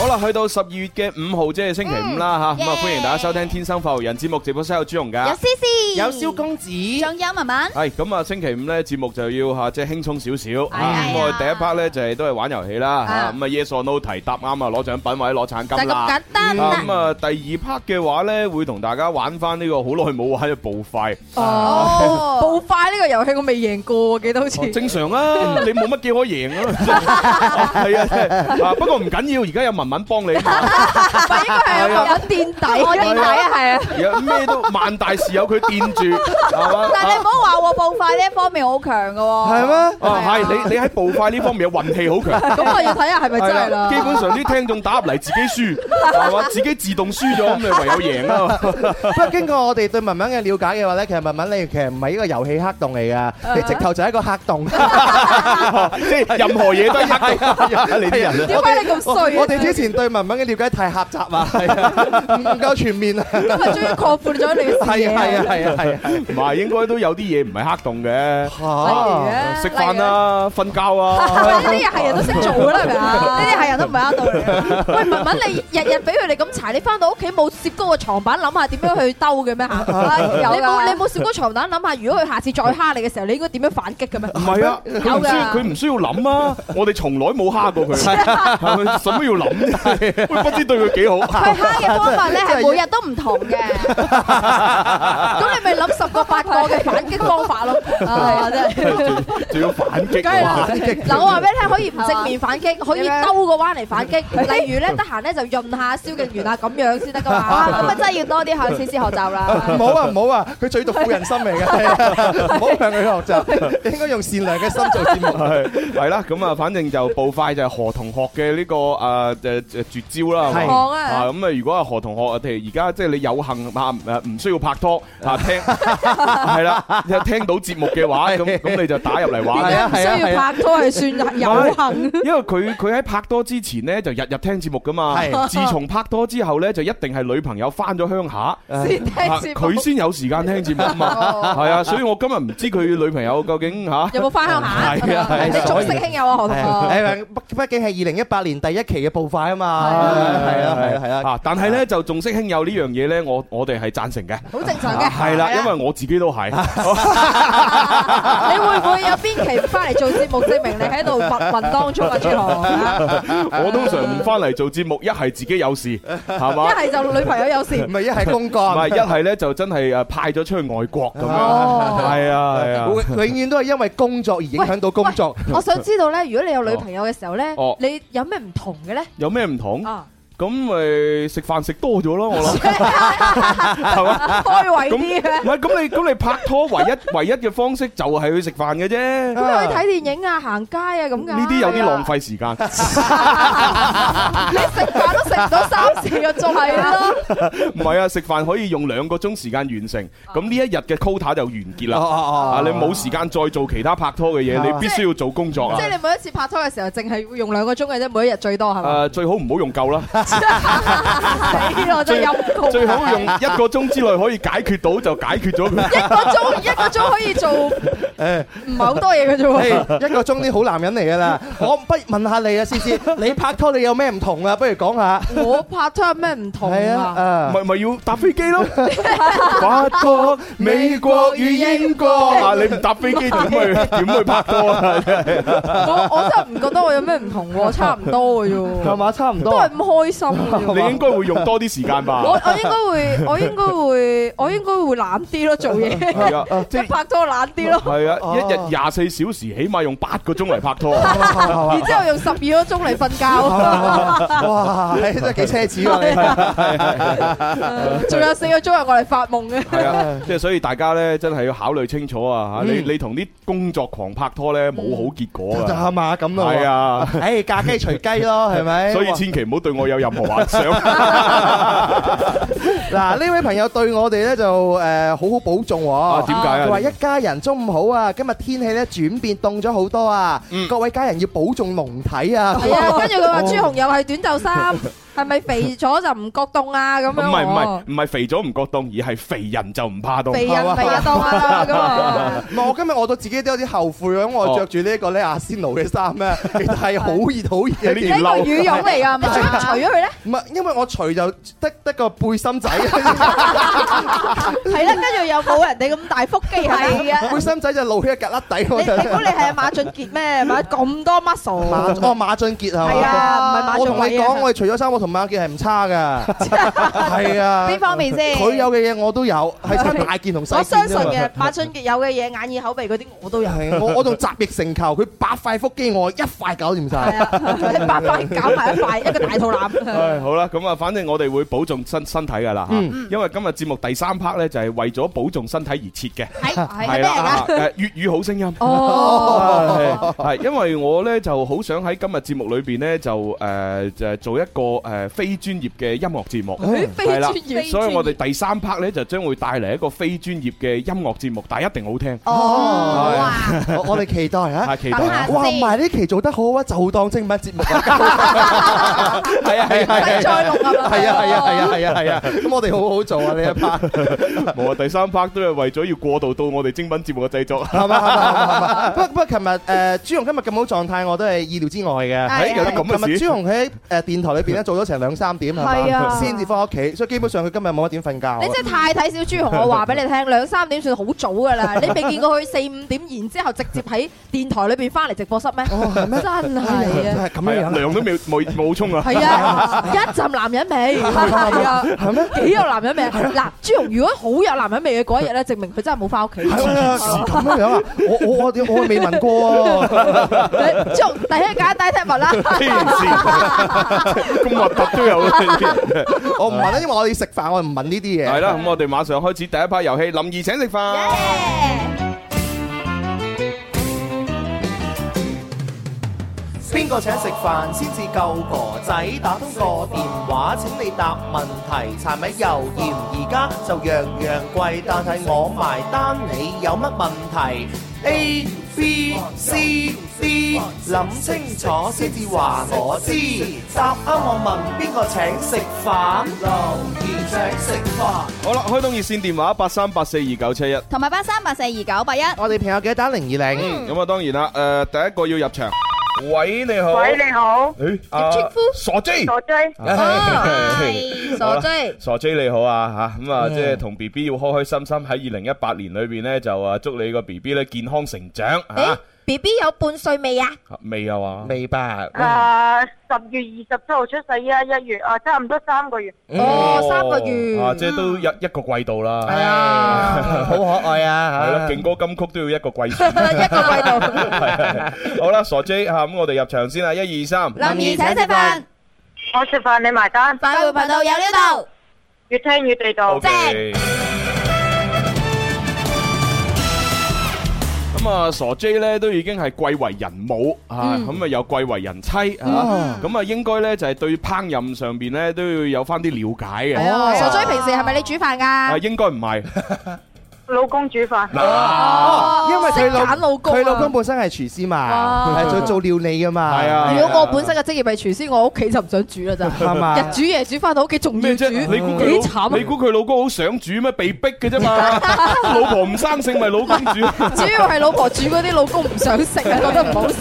好啦，去到十二月嘅五號即係星期五啦嚇，咁啊歡迎大家收聽《天生快活人》節目，直播室有朱容嘉，有詩詩，有蕭公子，仲有文文。係咁啊，星期五咧節目就要嚇即係輕鬆少少。咁啊第一 part 咧就係都係玩遊戲啦嚇，咁啊 Yes or No 提答啱啊攞獎品或者攞獎金啦。簡單啦。咁啊第二 part 嘅話咧會同大家玩翻呢個好耐冇玩嘅暴快。哦，暴快呢個遊戲我未贏過喎，記得好似。正常啦，你冇乜叫我贏啊。係啊，不過唔緊要，而家有文。文文幫你，唔係應該係有人墊底，墊底啊，係啊，咩都萬大事有佢墊住，係嘛？但係你唔好話我暴快呢一方面好強㗎喎，係咩？啊係，你你喺暴快呢方面嘅運氣好強，咁我要睇下係咪真係啦。基本上啲聽眾打入嚟自己輸，係嘛？自己自動輸咗，咁你唯有贏啊嘛。不過經過我哋對文文嘅了解嘅話咧，其實文文你其實唔係一個遊戲黑洞嚟㗎，你直頭就係一個黑洞，即係任何嘢都係黑洞。你啲人點解你咁衰啊？我哋之前。以前對文文嘅了解太狹窄啊，係啊，唔夠全面啊，咁係終於擴闊咗你嘅。係係啊係啊係啊，唔係應該都有啲嘢唔係黑洞嘅，嚇，食飯啊，瞓覺啊，呢啲嘢係人都識做㗎啦，係咪啊？呢啲係人都唔係黑洞嘅。喂，文文，你日日俾佢哋咁查，你翻到屋企冇摺高個床板，諗下點樣去兜嘅咩吓？有你冇你冇摺高床板，諗下如果佢下次再蝦你嘅時候，你應該點樣反擊嘅咩？唔係啊，有唔佢唔需要諗啊，我哋從來冇蝦過佢，係啊，係咪？要諗？會不知對佢幾好。佢蝦嘅方法咧，係每日都唔同嘅。咁你咪諗十個八個嘅反擊方法咯。係真係。仲要反擊。梗係反擊。嗱，我話俾你聽，可以唔正面反擊，可以兜個彎嚟反擊。例如咧，得閒咧就潤下蕭敬元啊，咁樣先得㗎嘛。咁真係要多啲向師師學習啦。唔好啊唔好啊，佢最毒婦人心嚟㗎。唔好向佢學習，應該用善良嘅心做節目係。係啦，咁啊，反正就步快就係何同學嘅呢個啊誒。誒絕招啦！係啊，咁啊，如果阿何同學啊，哋而家即係你有幸嚇唔唔需要拍拖啊，聽係啦，聽到節目嘅話，咁咁你就打入嚟玩，係啊，係啊，需要拍拖係算有幸。因為佢佢喺拍拖之前咧，就日日聽節目噶嘛。係。自從拍拖之後咧，就一定係女朋友翻咗鄉下，先聽節目，佢先有時間聽節目嘛。係啊，所以我今日唔知佢女朋友究竟嚇有冇翻鄉下？係啊，你總識輕友啊，何同學。誒，畢竟係二零一八年第一期嘅部分。啊嘛，係啊係啊係啊！啊，但係咧就重色輕友呢樣嘢咧，我我哋係贊成嘅，好正常嘅，係啦，因為我自己都係。你會唔會有邊期翻嚟做節目，證明你喺度發奮當初啊？朱浩，我通常唔翻嚟做節目，一係自己有事，係嘛？一係就女朋友有事，唔係一係公幹，唔係一係咧就真係誒派咗出去外國咁樣，係啊係啊，永遠都係因為工作而影響到工作。我想知道咧，如果你有女朋友嘅時候咧，你有咩唔同嘅咧？咩唔同啊？Uh. 咁咪食飯食多咗咯，我諗係嘛開胃啲嘅。唔係咁你咁你拍拖唯一唯一嘅方式就係去食飯嘅啫。去睇電影啊、行街啊咁嘅。呢啲有啲浪費時間。你食飯都食唔到三時，仲係啊？唔係啊，食飯可以用兩個鐘時間完成。咁呢一日嘅 quota 就完結啦。你冇時間再做其他拍拖嘅嘢，你必須要做工作啊。即係你每一次拍拖嘅時候，淨係會用兩個鐘嘅啫，每一日最多係嘛？誒，最好唔好用夠啦。真係死咯！真係陰功。最好用一個鐘之內可以解決到就解決咗佢。一個鐘一個鐘可以做誒，唔係好多嘢嘅啫喎。一個鐘啲好男人嚟㗎啦。我不如問下你啊，C C，你拍拖你有咩唔同啊？不如講下。我拍拖有咩唔同啊？誒，咪咪要搭飛機咯。法國、美國與英國啊，你唔搭飛機點去點去拍拖啊？我我真係唔覺得我有咩唔同喎，差唔多嘅啫。咁啊，差唔多都係咁開。你應該會用多啲時間吧？我我應該會，我應該會，我應該會懶啲咯，做嘢拍拖懶啲咯。係啊，一日廿四小時，起碼用八個鐘嚟拍拖，然之後用十二個鐘嚟瞓覺。哇，真係幾奢侈㗎你！係仲有四個鐘頭嚟發夢嘅。係啊，即係所以大家咧，真係要考慮清楚啊！嚇，你你同啲工作狂拍拖咧，冇好結果啊！就係嘛咁咯，係啊，唉，嫁雞隨雞咯，係咪？所以千祈唔好對我有任何幻想 啊。嗱，呢位朋友對我哋呢就誒、呃、好好保重喎、啊。點解、啊？佢話、啊、一家人中午好啊，今日天，天氣咧轉變，凍咗好多啊。嗯、各位家人要保重龍體啊。係啊哇，跟住佢話朱紅又係短袖衫。係咪肥咗就唔覺凍啊？咁樣唔係唔係，唔係肥咗唔覺凍，而係肥人就唔怕凍。肥人怕凍啦咁啊！唔係，我今日我都自己都有啲後悔，咁我着住呢個咧阿仙奴嘅衫咧，其實係好熱好熱嘅呢件褸。呢個羽絨嚟噶，咪除咗佢咧？唔係，因為我除就得得個背心仔。係啦，跟住又冇人哋咁大腹肌係啊！背心仔就露起一格粒底我就。你估你係馬俊傑咩？買咁多 muscle。哦，馬俊傑係。係啊，唔係馬俊傑。我同你講，我係除咗三個。同馬傑係唔差噶，係啊，邊方面先？佢有嘅嘢我都有，係差大件同細件。我相信嘅馬俊傑有嘅嘢眼耳口鼻嗰啲我都有。我我仲集腋成裘，佢八塊腹肌我一塊搞掂晒，八塊搞埋一塊，一個大肚腩。唉，好啦，咁啊，反正我哋會保重身身體噶啦嚇，因為今日節目第三 part 咧就係為咗保重身體而設嘅，係，係咩，誒粵語好聲音。哦，係，因為我咧就好想喺今日節目裏邊咧就誒就係做一個。誒，非專業嘅音樂節目係啦，所以我哋第三 part 咧就將會帶嚟一個非專業嘅音樂節目，但係一定好聽哦。我哋期待吓，期待哇，埋呢期做得好啊，就當精品節目啊。係啊係啊係啊，再融合。係啊係啊係啊係啊係啊，咁我哋好好做啊呢一 part。冇啊，第三 part 都係為咗要過渡到我哋精品節目嘅製作，係嘛？不過，琴日誒，朱紅今日咁好狀態，我都係意料之外嘅。係有啲咁嘅事。琴日朱紅喺誒電台裏邊咧做。都成兩三點係啊，先至翻屋企，所以基本上佢今日冇一點瞓覺。你真係太睇小朱紅，我話俾你聽，兩三點算好早㗎啦！你未見過佢四五點然之後直接喺電台裏邊翻嚟直播室咩？真係嚟啊！係咁樣樣，涼都未冇冇沖啊！係啊，一陣男人味係啊，係咩？幾有男人味啊！嗱，朱紅如果好有男人味嘅嗰一日咧，證明佢真係冇翻屋企。係啊，咁樣樣啊！我我我我未聞過。朱第一架第一聽物啦！咁話。都有啊！我唔問啦，因為我哋食飯，我唔問呢啲嘢。係啦，咁我哋馬上開始第一 part 遊戲。林怡請食飯，邊個請食飯先至夠個仔，打通個電話，請你答問題。柴米油鹽而家就樣樣貴，但係我埋單。你有乜問題？A B C D，諗 清楚先至話我知。答啱我問，邊個請食飯？留言請食飯。好啦，開通熱線電話八三八四二九七一，同埋八三八四二九八一。我哋平有記得打零二零？咁啊，當然啦。誒、呃，第一個要入場。喂，你好。喂，你好。誒、欸，阿豬夫，啊、傻 J，傻 J，枝哦， 傻 J，枝 傻 J 你好啊吓，咁啊，啊、嗯、即係同 B B 要開開心心喺二零一八年裏邊咧就啊祝你個 B B 咧健康成長吓。啊欸 B B 有半歲未啊？未有啊？未吧？誒，十月二十七號出世啊，一月啊，差唔多三個月。哦，三個月，啊，即係都一一個季度啦。係啊，好可愛啊！係咯，勁歌金曲都要一個季度，一個季度。好啦，傻 J 啊，咁我哋入場先啊，一二三，林怡請食飯，我食飯你埋單，快活頻道有呢度，越聽越地道。咁啊，傻 J 呢都已經係貴為人母、嗯、啊，咁啊又貴為人妻、嗯、啊，咁啊應該呢就係、是、對烹飪上面呢都要有翻啲了解嘅。傻 J 平時係咪你煮飯㗎？啊，應該唔係。 老公煮飯，因為佢揀老公。佢老公本身係廚師嘛，係在做料理㗎嘛。係啊，如果我本身嘅職業係廚師，我屋企就唔想煮啦，咋係嘛？日煮夜煮，返到屋企仲要煮，幾慘啊！你估佢老公好想煮咩？被逼嘅啫嘛。老婆唔生性，咪老公煮。主要係老婆煮嗰啲，老公唔想食，覺得唔好食。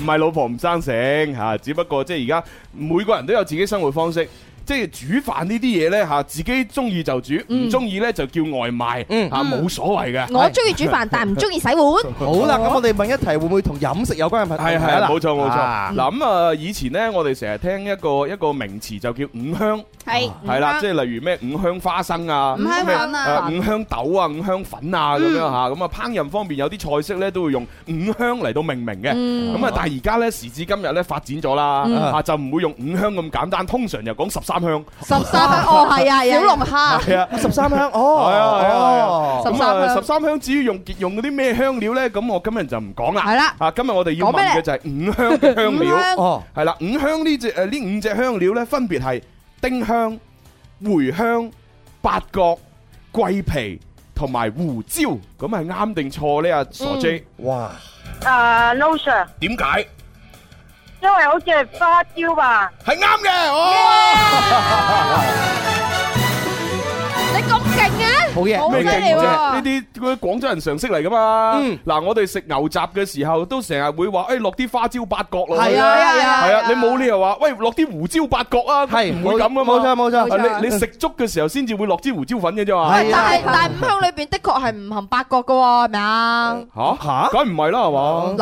唔係老婆唔生性吓，只不過即係而家每個人都有自己生活方式。即係煮飯呢啲嘢咧嚇，自己中意就煮，唔中意咧就叫外賣嚇，冇所謂嘅。我中意煮飯，但係唔中意洗碗。好啦，咁我哋問一題，會唔會同飲食有關嘅問題？係係啦，冇錯冇錯。咁啊，以前咧，我哋成日聽一個一個名詞就叫五香，係係啦，即係例如咩五香花生啊，五香啊，五香豆啊，五香粉啊咁樣嚇。咁啊，烹飪方面有啲菜式咧，都會用五香嚟到命名嘅。咁啊，但係而家咧，時至今日咧，發展咗啦嚇，就唔會用五香咁簡單，通常又講十十三香哦，係啊，有龍蝦。十三香哦，係啊，十三香。十三香至於用用啲咩香料咧？咁我今日就唔講啦。係啦，啊，今日我哋要問嘅就係五香香料。係啦，五香呢隻誒呢五隻香料咧，分別係丁香、茴香、八角、桂皮同埋胡椒。咁係啱定錯呢？啊，傻 J，哇，啊，No sir，點解？因為好似係花蕉吧，係啱嘅。哦 Yeah! 你咁勁啊！好嘢，咩勁啫？呢啲啲廣州人常識嚟噶嘛？嗱，我哋食牛雜嘅時候都成日會話，誒落啲花椒八角咯。係啊係啊係啊！你冇理由話，喂落啲胡椒八角啊，唔會咁噶，冇錯冇錯。你你食粥嘅時候先至會落支胡椒粉嘅啫嘛。但係第五香裏邊的確係唔含八角噶喎，係咪啊？嚇嚇，梗唔係啦，係嘛？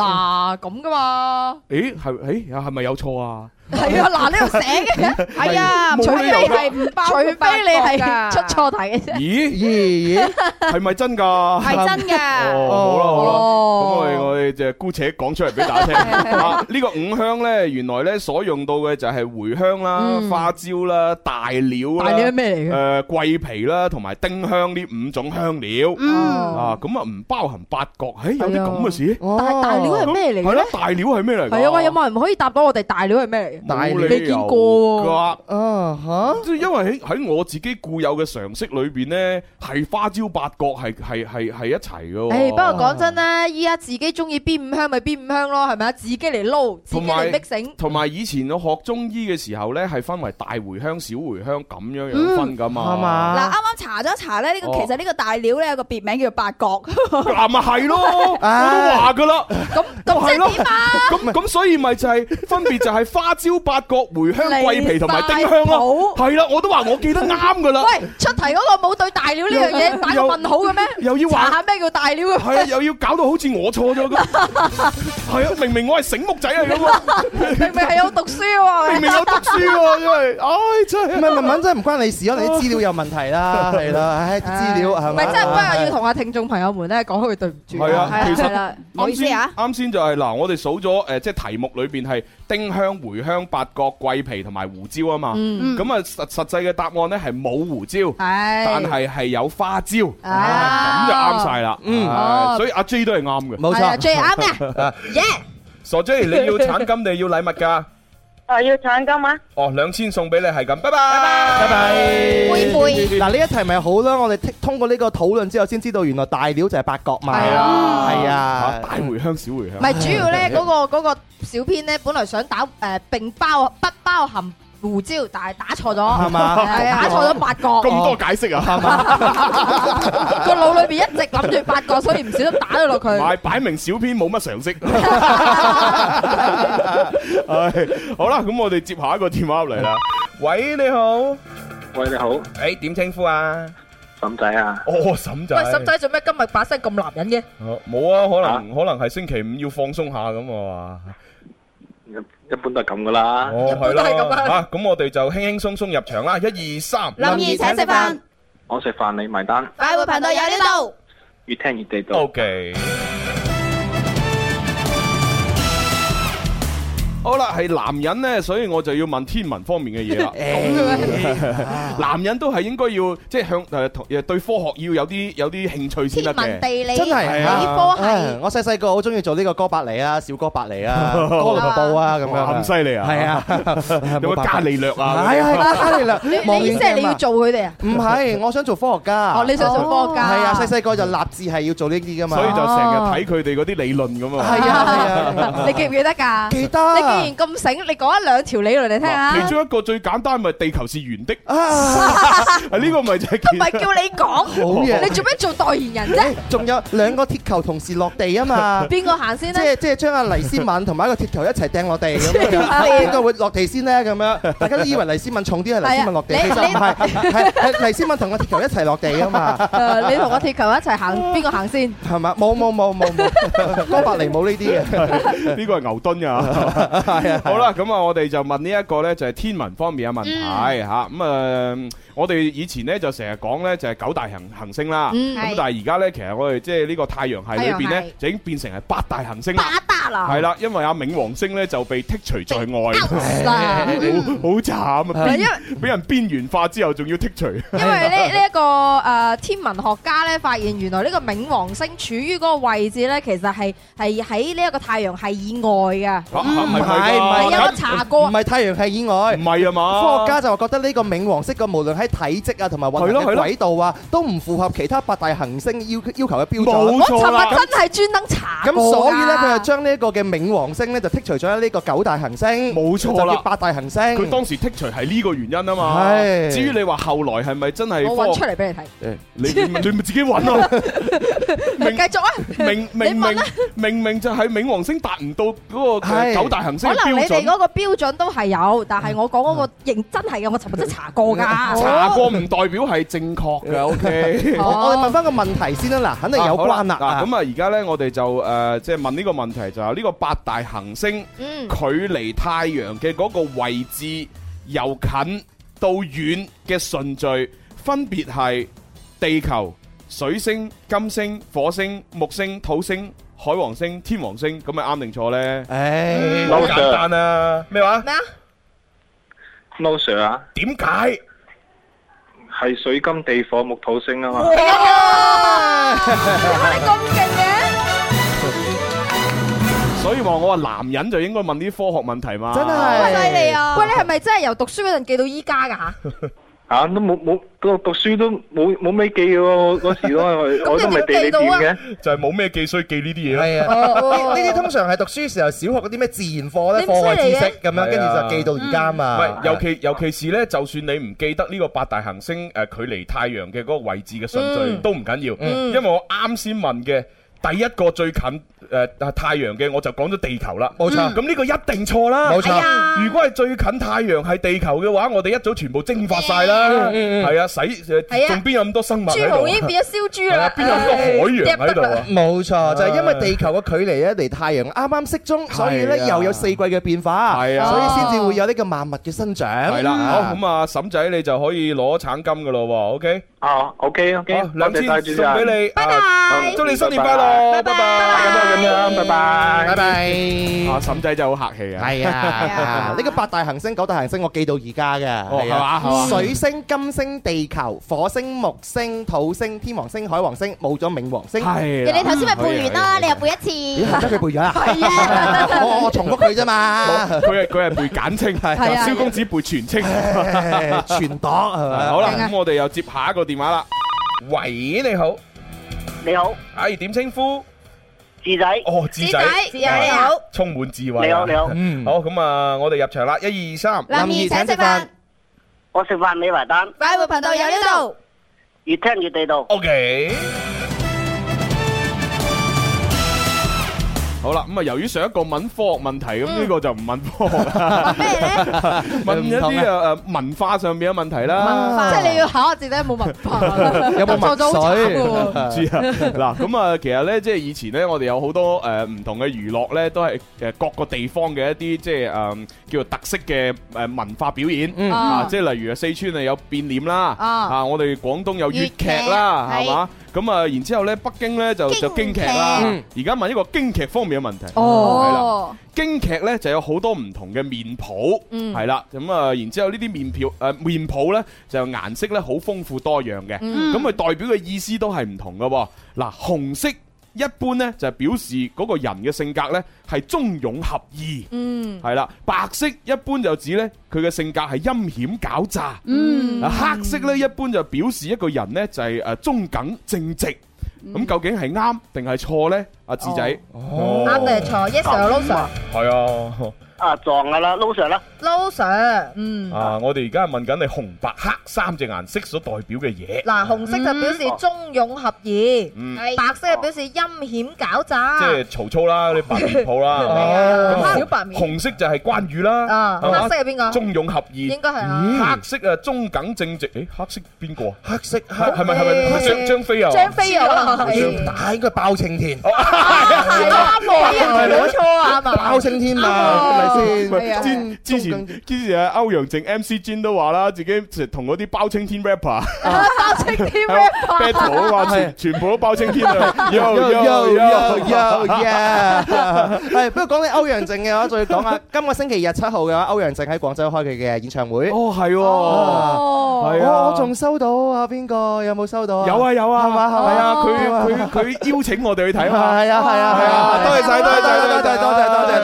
嗱咁噶嘛？誒係誒係咪有錯啊？係啊，嗱呢度寫嘅，係啊，除非你係，除非你係出錯題嘅啫。咦、欸？係、欸、咪真㗎？係真嘅、 哦。好啦好啦，咁、哦、我哋我哋就姑且講出嚟俾大家聽。呢 的、啊呢個五香咧，原來咧所用到嘅就係茴香啦、嗯、花椒啦、大料啦。大料係咩嚟嘅？誒、呃，桂皮啦，同埋丁香呢五種香料。嗯、啊，咁啊唔包含八角。誒，有啲咁嘅事。但係大料係咩嚟？係咯，大料係咩嚟？係啊，喂，有冇人可以答到我哋大料係咩嚟？大料你未見過喎，啊吓！即係因為喺喺我自己固有嘅常識裏邊咧，係花椒八角係係係係一齊嘅。誒，不過講真咧，依家自己中意邊五香咪邊五香咯，係咪啊？自己嚟撈，自己嚟搥醒。同埋以前我學中醫嘅時候咧，係分為大茴香、小茴香咁樣樣分噶嘛。嗱，啱啱查咗查咧，呢個其實呢個大料咧有個別名叫做八角。咁啊，係咯，我都話噶啦。咁咁即點啊。咁咁所以咪就係分別就係花椒。八角茴香、桂皮同埋丁香咯，係啦，我都話我記得啱噶啦。喂，出題嗰個冇對大料呢樣嘢，打個問號嘅咩？又要話下咩叫大料嘅？係啊，又要搞到好似我錯咗咁。係啊，明明我係醒目仔嚟噶嘛。明明係有讀書喎，明明有讀書喎，因為，哎真係。唔係文文真係唔關你事咯，你啲資料有問題啦。係啦，唉，資料係咪？唔係，真係今日要同阿聽眾朋友們咧講開佢對唔住。係啊，其實，啱先啊，啱先就係嗱，我哋數咗誒，即係題目裏邊係。丁香、茴香、八角、桂皮同埋胡椒啊嘛，咁啊實實際嘅答案咧係冇胡椒，但係係有花椒，咁就啱晒啦。嗯，所以阿 J 都係啱嘅，冇錯，J 係啱嘅。Yes，傻 J，你要橙金，你要禮物噶。哦，要獎金啊！哦，兩千送俾你，係咁，拜拜，拜拜，拜拜。妹妹，嗱，呢一題咪好啦，我哋通過呢個討論之後，先知道原來大料就係八角嘛。係、哎、呀啊，係啊，大茴香、小茴香。咪主要咧，嗰、那個嗰、那個小編咧，本來想打誒、呃，並包不包含？胡椒，但係打錯咗，打錯咗八個。咁多解釋啊！個腦裏邊一直諗住八個，所以唔小心打咗落去。係擺明小編冇乜常識。唉，好啦，咁我哋接下一個電話入嚟啦。喂，你好。喂，你好。誒，點稱呼啊？沈仔啊。哦，沈仔。喂，沈仔做咩今日把聲咁男人嘅？冇啊，可能可能係星期五要放鬆下咁啊嘛。一般都係咁噶啦，係咯，吓，咁我哋就輕輕鬆鬆入場啦，一二三，林怡請食飯，我食飯你埋單，快活頻道有你到，越聽越地道，OK。好啦，係男人咧，所以我就要問天文方面嘅嘢啦。男人都係應該要即係向誒同誒對科學要有啲有啲興趣先得嘅。天文地理真係理科係。我細細個好中意做呢個哥白尼啊，小哥白尼啊，哥倫布啊咁樣。咁犀利啊！係啊，有個伽利略啊？係啊，伽利略。你你意思係你要做佢哋啊？唔係，我想做科學家。哦，你想做科學家？係啊，細細個就立志係要做呢啲噶嘛。所以就成日睇佢哋嗰啲理論咁嘛。係啊，係啊，你記唔記得㗎？記得。既然咁醒，你講一兩條理論嚟聽下。其中一個最簡單咪地球是圓的。啊，呢個咪就係叫。唔係叫你講好嘢，你做咩做代言人啫？仲有兩個鐵球同時落地啊嘛？邊個行先咧？即係即係將阿黎思敏同埋一個鐵球一齊掟落地咁。邊個會落地先咧？咁樣，大家都以為黎思敏重啲，係黎思敏落地。其實唔係，係黎思敏同個鐵球一齊落地啊嘛。誒，你同個鐵球一齊行，邊個行先？係嘛？冇冇冇冇，哥白尼冇呢啲嘅。呢個係牛頓㗎。係啊，嗯、好啦，咁、嗯、啊，我哋就問呢一個咧，就係天文方面嘅問題吓。咁、嗯、啊、嗯、我哋以前咧就成日講咧，就係九大行行星啦。咁、嗯、但係而家咧，其實我哋即係呢個太陽系裏邊咧，就已經變成係八大行星。八大啦，係啦，因為阿冥王星咧就被剔除在外，好慘啊！俾人俾人邊緣化之後，仲要剔除。因為呢呢一個誒天文學家咧發現，原來呢個冥王星處於嗰個位置咧，其實係係喺呢一個太陽系以外嘅。嗯啊係唔係因為查過，唔係太陽系以外，唔係啊嘛。科學家就話覺得呢個冥王星嘅，無論喺體積啊，同埋運動嘅軌道啊，都唔符合其他八大行星要要求嘅標準。我尋日真係專登查。咁所以咧，佢就將呢個嘅冥王星咧就剔除咗呢個九大行星。冇錯啦，八大行星。佢當時剔除係呢個原因啊嘛。係。至於你話後來係咪真係？我搵出嚟俾你睇。你你咪自己搵咯。明繼續啊！明明明明就係冥王星達唔到嗰個九大行可能你哋嗰個標準都係有，但係我講嗰個認真係嘅，我尋日都查過噶，查過唔代表係正確嘅。OK，我哋問翻個問題先啦，嗱，肯定有關啦。嗱，咁啊，而家呢，我哋就誒，即係問呢個問題，就係呢個八大行星，嗯，距離太陽嘅嗰個位置由近到遠嘅順序，分別係地球、水星、金星、火星、木星、土星。海王星、天王星，咁咪啱定錯呢？唉，好簡單啦。咩話？咩啊？No Sir 啊？點解？係水金地火木土星啊嘛。點解你咁勁嘅？所以話我話男人就應該問啲科學問題嘛。真係好犀利啊！喂，你係咪真係由讀書嗰陣記到依家噶吓？啊、都冇冇讀讀書都冇冇咩記喎嗰、哦、時咯，我都未記到啊！就係冇咩記，所以記呢啲嘢咯。係啊，呢啲通常係讀書時候，小學嗰啲咩自然課咧，啊、課外知識咁樣，跟住、啊、就記到而家嘛。唔、嗯、尤其尤其是咧，就算你唔記得呢個八大行星誒距離太陽嘅嗰個位置嘅順序、嗯、都唔緊要，嗯、因為我啱先問嘅。第一個最近誒太陽嘅，我就講咗地球啦，冇錯。咁呢個一定錯啦，冇錯。如果係最近太陽係地球嘅話，我哋一早全部蒸發晒啦，係啊，使仲邊有咁多生物？豬已經變咗燒豬啦，邊有咁多海洋喺度啊？冇錯，就係因為地球嘅距離咧離太陽啱啱適中，所以咧又有四季嘅變化，係啊，所以先至會有呢個萬物嘅生長。係啦，好咁啊，嬸仔你就可以攞橙金噶咯，喎，OK。哦，OK OK，兩千送俾你，拜拜，祝你新年快樂，拜拜，咁樣，拜拜，拜拜。啊，沈仔真係好客氣啊，係啊，係啊，呢個八大行星、九大行星我記到而家嘅，係嘛？水星、金星、地球、火星、木星、土星、天王星、海王星，冇咗冥王星。係，你頭先咪背完啦，你又背一次，即係佢背咗啦。係啊，我我重複佢啫嘛。佢佢係背簡稱，由蕭公子背全稱，全檔係咪啊？好啦，咁我哋又接下一個。電話啦，喂，你好，你好，哎，點稱呼？智仔，哦，智仔，智仔你好，充滿智慧，你好你好，嗯，好咁啊，我哋入場啦，一二二三，林儀請食飯，我食飯你埋單，快活頻道有呢度，越聽越地道，OK。好啦，咁啊，由於上一個問科學問題，咁呢個就唔問科學啦。咩咧？問一啲誒誒文化上面嘅問題啦。即係你要考下自己有冇文化，有冇墨水？唔知啊。嗱，咁啊，其實咧，即係以前咧，我哋有好多誒唔同嘅娛樂咧，都係誒各個地方嘅一啲即係誒叫做特色嘅誒文化表演啊。即係例如啊，四川啊有變臉啦，啊，我哋廣東有粵劇啦，係嘛？咁啊、嗯，然之後咧，北京咧就就京劇啦。而家問一個京劇方面嘅問題。哦，係啦，京劇咧就有好多唔同嘅面譜，係、嗯、啦。咁啊，然之後呢啲面票誒、呃、面譜咧就顏色咧好豐富多樣嘅。咁佢、嗯、代表嘅意思都係唔同嘅。嗱，紅色。一般咧就係表示嗰個人嘅性格咧係忠勇合義，係啦、嗯。白色一般就指咧佢嘅性格係陰險狡詐、嗯啊，黑色咧一般就表示一個人咧就係誒忠耿正直。咁、嗯、究竟係啱定係錯咧？阿、啊、智仔，啱定係錯？Yes or no sir？係啊。撞噶啦 Lo Sir 啦 Lo Sir 嗯啊我哋而家問緊你紅白黑三隻顏色所代表嘅嘢，嗱紅色就表示忠勇合義，白色就表示陰險狡詐，即係曹操啦啲白面鋪啦，紅色就係關羽啦，黑色係邊個？忠勇合義應該係黑色啊，忠耿正直誒，黑色邊個？黑色係？係咪係咪張張飛啊？張飛有可能係，但係應該係包青天。包青天啊，係咪先？之前之前啊，歐陽靖 M C Jin 都話啦，自己同嗰啲包青天 rapper，包青天 rapper，全部都包青天啊！係不過講起歐陽靖嘅話，仲要講下今個星期日七號嘅話，歐陽靖喺廣州開佢嘅演唱會。哦係，哦係我仲收到啊，邊個有冇收到？有啊有啊，係嘛係啊，佢佢佢邀請我哋去睇嘛，係啊係啊係啊，多謝晒多謝多謝多謝多謝。多謝多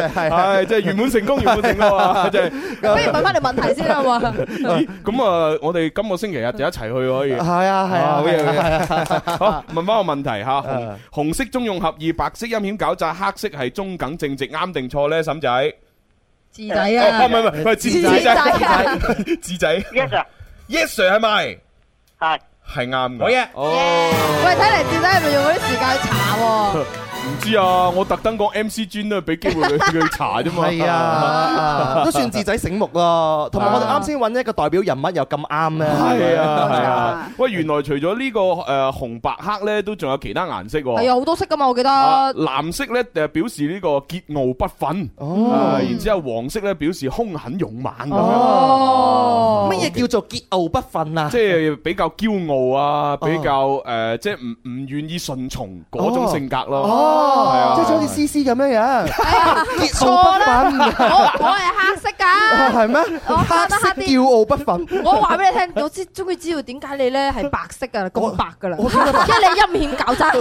謝，係係即係圓滿成功，圓滿成功啊！即係不如問翻你問題先啊嘛。咁啊，我哋今個星期日就一齊去可以。係啊係啊，好嘢好嘢。好，問翻個問題吓：紅色中用合二，白色陰險狡詐，黑色係中梗正直，啱定錯咧？嬸仔，字仔啊？唔係唔係喂，字仔，字仔，字仔。Yes sir，Yes sir 係咪？係係啱嘅。哦，喂，睇嚟字仔係咪用嗰啲時間去查？唔知啊！我特登講 M C 專都係，俾機會佢去查啫嘛。係啊，都算智仔醒目咯。同埋我哋啱先揾一個代表人物又咁啱咧。係啊係啊！喂，原來除咗呢個誒紅白黑咧，都仲有其他顏色。係啊，好多色噶嘛，我記得。藍色咧就表示呢個桀驁不馴。然之後黃色咧表示凶狠勇猛。哦。乜嘢叫做桀驁不馴啊？即係比較驕傲啊，比較誒即係唔唔願意順從嗰種性格咯。即係好似 C C 咁樣樣，桀驁不馴。我我係黑色噶，係咩？黑色啲，驕傲不馴。我話俾你聽，我知終於知道點解你咧係白色噶，咁白噶啦，因為你陰險狡詐，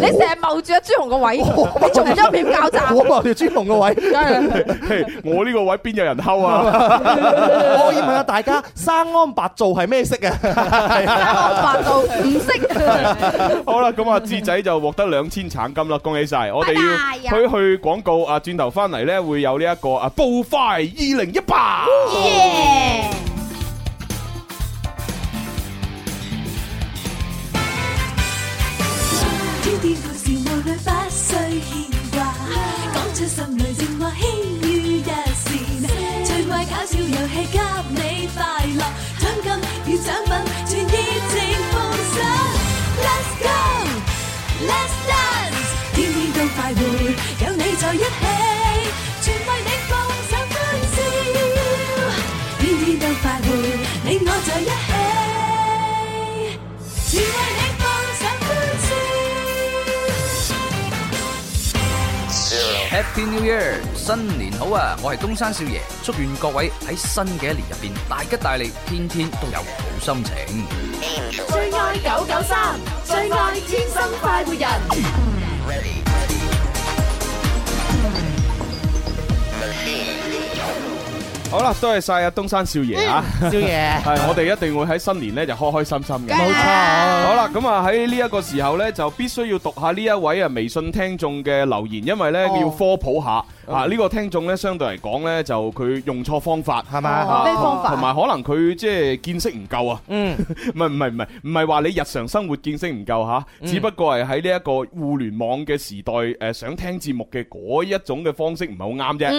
你成日謀住阿朱紅個位，你仲陰險狡詐，我謀住朱紅個位。我呢個位邊有人偷啊？我可以問下大家，生安白做係咩色啊？生安白做唔識。好啦，咁啊志仔就獲得兩千橙金啦。恭喜晒，bye bye. 我哋要佢去，Yeah. 去，去廣告啊，轉頭翻嚟咧會有呢、這、一個啊，《b 快二零一八。》 New Year, 新年好啊！我係東山少爺，祝願各位喺新嘅一年入邊大吉大利，天天都有好心情。最愛九九三，最愛天生快活人。好啦，多謝晒啊，東山少爺啊、嗯，少爺係， 我哋一定會喺新年咧就開開心心嘅，冇錯、啊。好啦，咁啊喺呢一個時候咧，就必須要讀下呢一位啊微信聽眾嘅留言，因為咧要科普下。啊！呢個聽眾咧，相對嚟講咧，就佢用錯方法，係咪？咩方法？同埋可能佢即係見識唔夠啊！嗯，唔係唔係唔係唔係話你日常生活見識唔夠吓，只不過係喺呢一個互聯網嘅時代，誒，想聽節目嘅嗰一種嘅方式唔係好啱啫。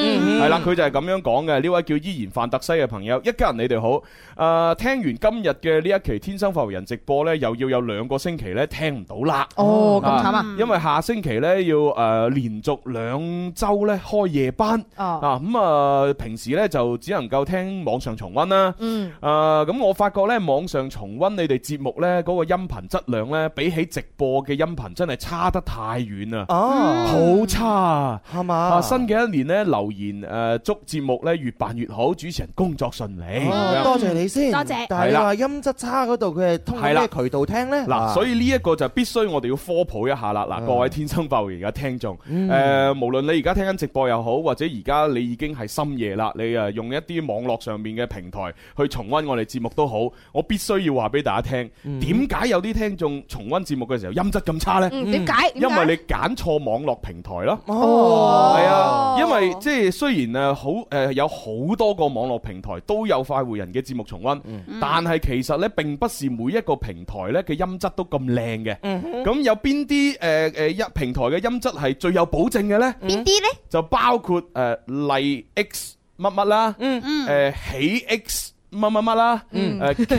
係啦，佢就係咁樣講嘅。呢位叫依然范特西嘅朋友，一家人你哋好。誒，聽完今日嘅呢一期《天生快活人》直播咧，又要有兩個星期咧聽唔到啦。哦，咁慘啊！因為下星期咧要誒連續兩週咧。開夜班啊咁啊，平時咧就只能夠聽網上重温啦。誒，咁我發覺咧，網上重温你哋節目咧，嗰個音頻質量咧，比起直播嘅音頻真係差得太遠啦。哦，好差，係嘛？啊，新嘅一年咧，留言誒祝節目咧越辦越好，主持人工作順利。多謝你先，多謝。但係話音質差嗰度，佢係通過咩渠道聽咧？嗱，所以呢一個就必須我哋要科普一下啦。嗱，各位天生快活人嘅聽眾，誒，無論你而家聽緊直播，又好，或者而家你已經係深夜啦，你啊用一啲網絡上面嘅平台去重温我哋節目都好。我必須要話俾大家，嗯、聽，點解有啲聽眾重温節目嘅時候音質咁差呢？點解，嗯？因為你揀錯網絡平台咯。哦，係啊，因為即係雖然誒好誒、呃、有好多個網絡平台都有快活人嘅節目重温，嗯、但係其實呢，並不是每一個平台呢嘅音質都咁靚嘅。咁、嗯、哼有邊啲誒誒一平台嘅音質係最有保證嘅呢？邊啲呢？就包括誒例 X 乜乜啦，誒、嗯嗯、起 X 乜乜乜啦，誒企、嗯呃、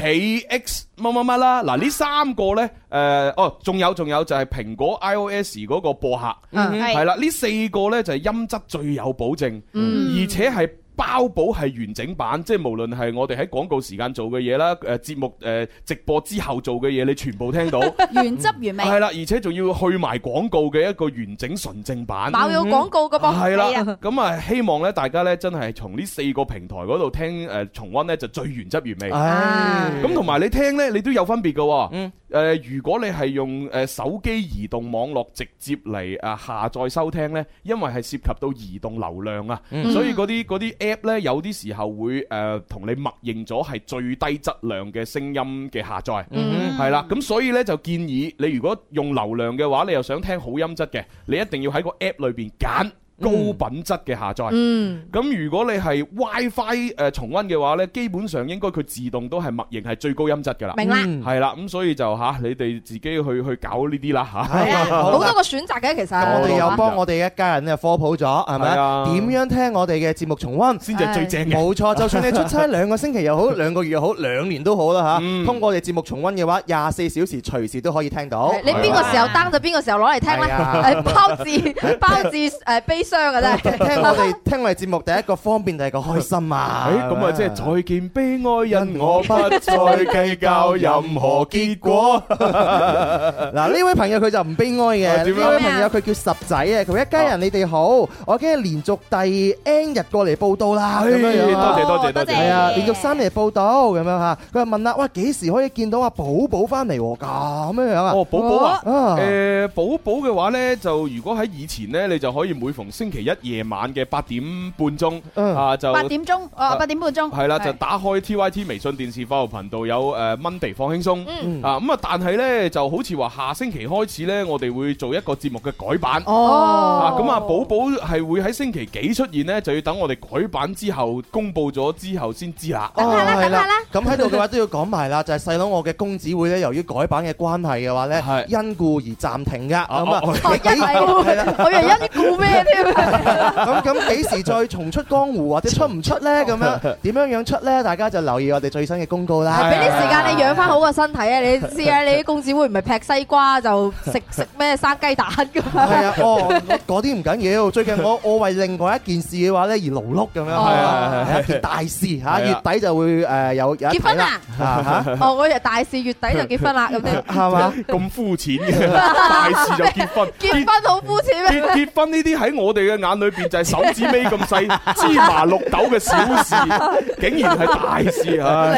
X 乜乜乜啦，嗱呢 三個咧誒、呃、哦，仲有仲有就係蘋果 iOS 嗰個播客，係啦、嗯哼，呢是四個咧就係、是、音質最有保證，嗯、而且係、嗯。包保係完整版，即係無論係我哋喺廣告時間做嘅嘢啦，誒、呃、節目誒、呃、直播之後做嘅嘢，你全部聽到， 原汁原味。係啦、嗯，而且仲要去埋廣告嘅一個完整純正版，冇有廣告嘅噃、啊。係啦、嗯，咁啊、嗯、希望咧大家咧真係從呢四個平台嗰度聽誒、呃、重溫呢，就最原汁原味。咁同埋你聽呢，你都有分別嘅。嗯誒、呃，如果你係用誒、呃、手機移動網絡直接嚟啊下載收聽呢，因為係涉及到移動流量啊，嗯、所以嗰啲嗰啲 app 呢，有啲時候會誒同、呃、你默認咗係最低質量嘅聲音嘅下載，係、嗯、啦，咁所以呢，就建議你如果用流量嘅話，你又想聽好音質嘅，你一定要喺個 app 裏邊揀。高品質嘅下載，咁如果你係 WiFi 誒重溫嘅話呢，基本上應該佢自動都係默認係最高音質噶啦，明啦，係啦，咁所以就吓，你哋自己去去搞呢啲啦嚇，係好多個選擇嘅其實。我哋又幫我哋一家人啊科普咗，係咪啊？點樣聽我哋嘅節目重溫先至係最正嘅？冇錯，就算你出差兩個星期又好，兩個月又好，兩年都好啦吓，通過我哋節目重溫嘅話，廿四小時隨時都可以聽到。你邊個時候登就邊個時候攞嚟聽啦，包治包治聽我哋聽我哋節目，第一個方便，第二個開心啊！哎，咁啊，即係再見悲哀，因我不再計較任何結果。嗱，呢位朋友佢就唔悲哀嘅。呢位朋友佢叫十仔啊，佢一家人你哋好，我已經係連續第 N 日過嚟報道啦。咁樣樣，多謝多謝多謝，係啊，連續三日報道咁樣吓。佢就問啦，哇，幾時可以見到阿寶寶翻嚟？咁樣樣啊？哦，寶寶啊，誒，寶寶嘅話咧，就如果喺以前咧，你就可以每逢。星期一夜晚嘅八點半鐘啊，就八點鐘哦，八點半鐘係啦，就打開 T Y T 微信電視發號頻道，有誒 Monday 放輕鬆啊咁啊！但係咧就好似話下星期開始咧，我哋會做一個節目嘅改版哦。咁啊，寶寶係會喺星期幾出現咧，就要等我哋改版之後公佈咗之後先知啦。等下啦，等下啦。咁喺度嘅話都要講埋啦，就係細佬我嘅公子會咧，由於改版嘅關係嘅話咧，因故而暫停噶。我以為，我係因故咩添？咁咁幾時再重出江湖，或者出唔出咧？咁樣點樣樣出咧？大家就留意我哋最新嘅公告啦。俾啲時間你養翻好個身體啊！你試下，你啲公子會唔係劈西瓜就食食咩生雞蛋㗎嘛？係啊，哦，嗰啲唔緊要。最近我我為另外一件事嘅話咧而勞碌咁樣，係係係一件大事嚇。月底就會誒有結婚啦哦，我係大事，月底就結婚啦咁樣係嘛？咁膚淺嘅大事就結婚，結婚好膚淺咩？結結婚呢啲喺我。我哋嘅眼裏邊就係手指尾咁細芝麻綠豆嘅小事，竟然係大事啊！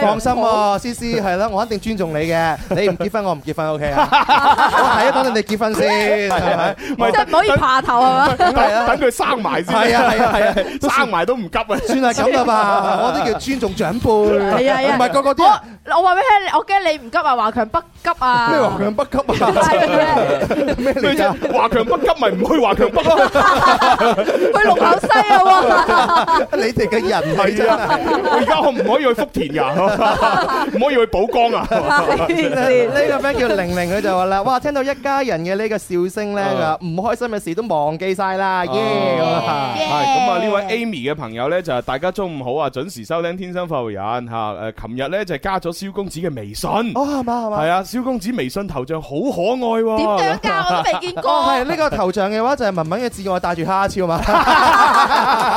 放心啊，思思，係咯，我一定尊重你嘅。你唔結婚，我唔結婚，O K 啊？係啊，等你結婚先，係咪？唔係真係唔可以爬頭係嘛？等佢生埋先，係啊係啊係啊，生埋都唔急啊！算係咁啊嘛，我啲叫尊重長輩。係啊係啊，唔係個個啲我我話俾你聽，我驚你唔急啊，華強北急啊！咩華強北急啊？係啊，咩啫？華強北急咪唔去華強北咯？ 去龍口西啊！ 你哋嘅人唔係真啊！而家可唔可以去福田呀？唔可以去寶江啊？呢個 friend 叫玲玲，佢就話啦：，哇，聽到一家人嘅呢個笑聲咧，唔開心嘅事都忘記晒啦！耶、嗯！咁啊，呢 Yeah、嗯啊、位 Amy 嘅朋友咧，就是、大家中午好啊，準時收聽《天生快活人》吓、啊。誒、啊，琴日咧就加咗蕭公子嘅微信。哦，係嘛，係嘛。係啊，蕭公子微信頭像好可愛、啊。點樣噶？我都未見過、 哦。係呢、這個頭像嘅話，就係文文嘅字。我戴住哈哈笑啊嘛。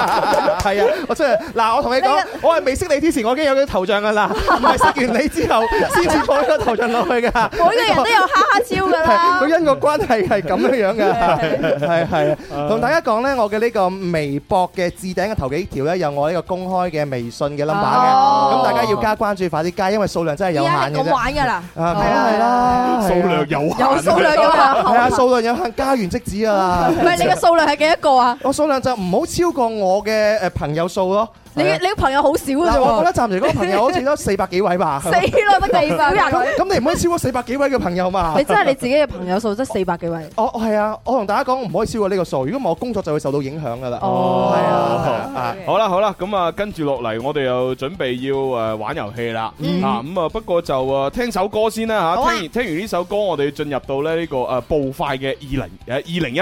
係啊，我真係嗱，我同你講，我係未識你之前，我已經有咗頭像噶啦，唔係識完你之後先至放咗頭像落去嘅。每個人都有哈哈招噶啦，咁因個關係係咁樣樣嘅，係係，同大家講咧，我嘅呢個微博嘅置頂嘅頭幾條咧，有我呢個公開嘅微信嘅冧巴嘅，咁大家要加關注，快啲加，因為數量真係有限嘅啫。咁玩噶啦，係啦，數量有限，有數量有限，係啊，數量有限，加完即止啊。唔係你嘅數量係幾多個啊？我數量就唔好超過我嘅。嘅誒朋友數咯，你你個朋友好少嘅喎，我覺得暫時嗰個朋友好似都四百幾位吧，死咯，得四百幾位，咁你唔可以超過四百幾位嘅朋友嘛？你真係你自己嘅朋友數即係四百幾位，哦係啊，我同大家講唔可以超過呢個數，如果唔係我工作就會受到影響嘅啦。哦，係啊，好啦好啦，咁啊跟住落嚟，我哋又準備要誒玩遊戲啦，啊咁啊不過就啊聽首歌先啦嚇，聽完聽完呢首歌，我哋進入到咧呢個誒暴快嘅二零誒二零一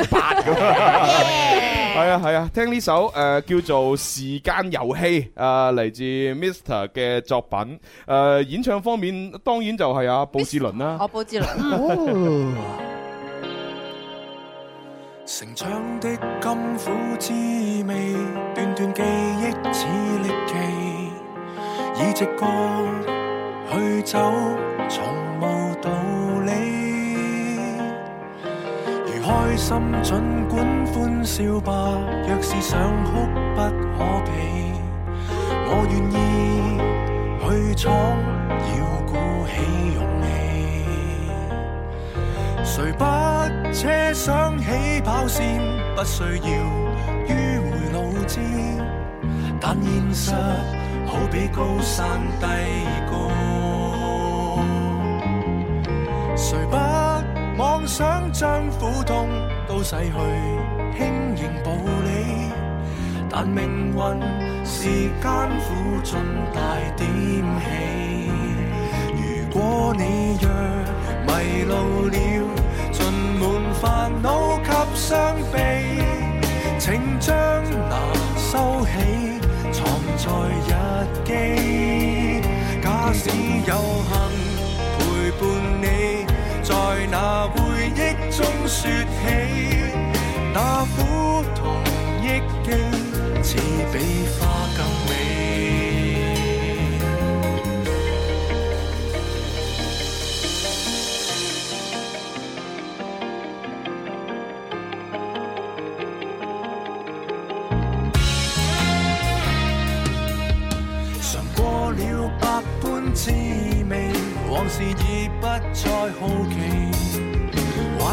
八。係 啊係啊，聽呢首誒、呃、叫做時間遊戲《時間遊戲》啊，嚟自 Mr 嘅作品。誒、呃，演唱方面當然就係阿、啊、布志綸啦。我布志綸。以直開心儘管歡笑吧，若是想哭不可避，我願意去闖，要鼓起勇氣。誰不奢想起跑線，不需要迂迴路徑，但現實好比高山低谷，誰不妄想將苦痛都洗去，輕盈步履。但命運時間苦中帶點喜。如果你若迷路了，盡滿煩惱及傷悲，請將那收起，藏在日記。假使有。說起那古銅憶記，似比花更美。想 過了百般滋味，往事已不再好奇。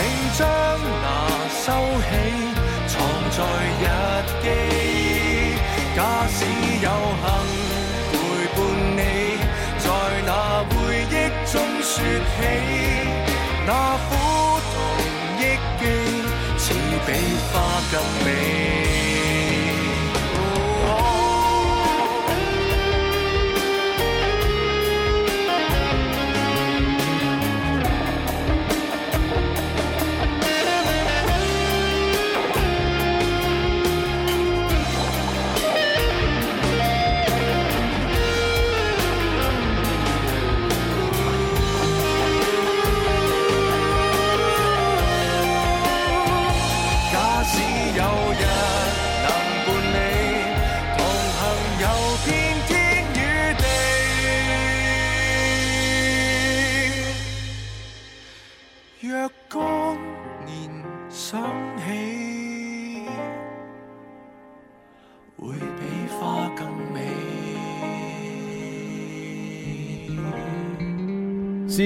請將那收起，藏在日記。假使有幸陪伴你，在那回憶中説起，那苦痛憶記，似比花更美。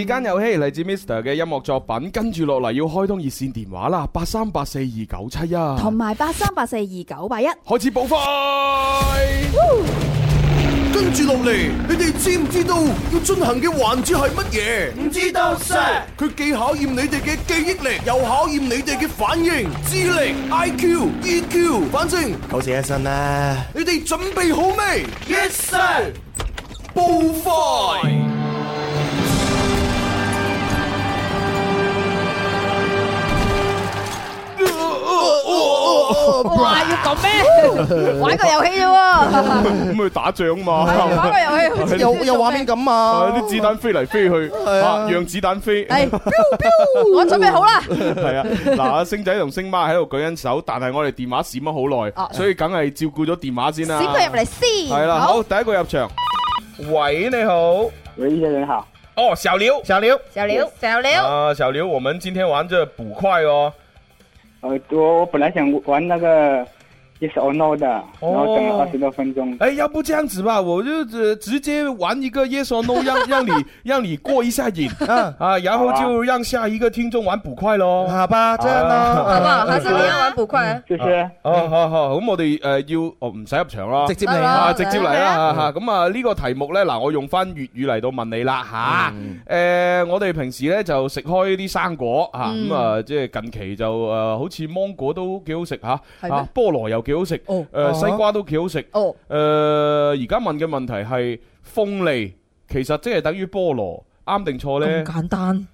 時間遊戲嚟自 Mr. 嘅音樂作品，跟住落嚟要開通熱線電話啦，八三八四二九七一，同埋八三八四二九八一，開始報快。跟住落嚟，你哋知唔知道要進行嘅環節係乜嘢？唔知道，Sir。佢既考驗你哋嘅記憶力，又考驗你哋嘅反應、智力、I Q、E Q。反正，九死一生啦。你哋準備好未？Yes Sir，報快。哇！要咁咩？玩個遊戲啫喎，咁去打仗嘛？玩個遊戲好似有有畫面咁嘛？啲子彈飛嚟飛去，吓讓子彈飛。係，我準備好啦。係啊，嗱，阿星仔同星媽喺度舉緊手，但係我哋電話閃咗好耐，所以梗係照顧咗電話先啦。先佢入嚟先。係啦，好，第一個入場。喂，你好，你好喂，你好，哦，小劉，小劉，小劉，小劉。啊，小劉，我們今天玩嘅捕快哦。呃，我我本來想玩那個。Yes or no 的，等咗二十多分鐘。誒，要不這樣子吧，我就直接玩一個 Yes or No，讓讓你讓你過一下癮啊啊，然後就讓下一個聽眾玩捕快咯。好吧，這樣啦，好唔好？還是你要玩捕快？謝謝。哦，好好，咁我哋誒要哦唔使入場咯，直接嚟啊，直接嚟啦吓。咁啊呢個題目咧嗱，我用翻粵語嚟到問你啦吓。誒，我哋平時咧就食開啲生果吓，咁啊即係近期就誒好似芒果都幾好食吓，吓菠蘿又幾。幾好食，誒、哦，啊、西瓜都幾好食，誒、呃，而家問嘅問題係鳳梨，其實即係等於菠蘿，啱定錯咧？咁簡單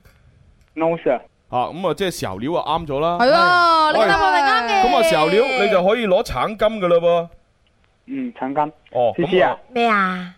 ，no sir，吓，咁啊，嗯、即係豉油料啊，啱咗啦，係咯、哎，你係我哋啱嘅？咁啊、嗯，豉油料你就可以攞橙金嘅啦噃，嗯，橙金，哦，咁啊咩啊？嗯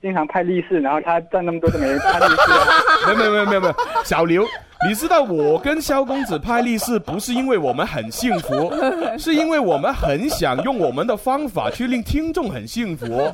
經常派利是，然後他賺那麼多都沒人派利是，沒有 沒有沒有，小劉。 你知道我跟蕭公子派利是不是因為我們很幸福，是因為我們很想用我們的方法去令聽眾很幸福。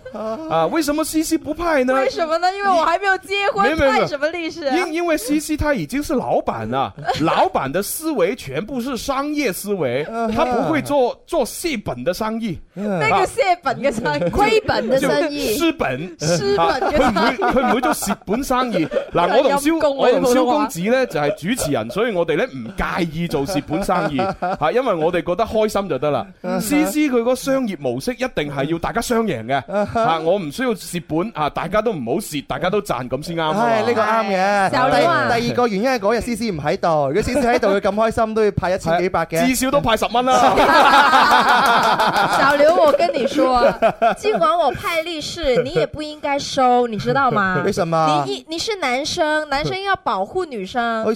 啊，為什麼西西不派呢？為什麼呢？因為我還沒有結婚，派什麼利是？因因為西西他已經是老闆了。老闆的思維全部是商業思維，他不會做做蝕本的生意。那個蝕本的生意，虧本的生意，輸本輸本嘅生意，佢唔會佢唔會做蝕本生意。嗱，我同蕭我同蕭公子咧就係。主持人，所以我哋咧唔介意做蝕本生意，吓，因為我哋覺得開心就得啦。C C 佢個商業模式一定係要大家雙贏嘅，嚇我唔需要蝕本，嚇大家都唔好蝕，大家都賺咁先啱。呢個啱嘅。第二個原因係嗰日 C C 唔喺度，如果 C C 喺度，佢咁開心都要派一千幾百嘅，至少都派十蚊啦。小劉，我跟你說，儘管我派利是，你也不應該收，你知道嗎？為什麼？你你是男生，男生要保護女生。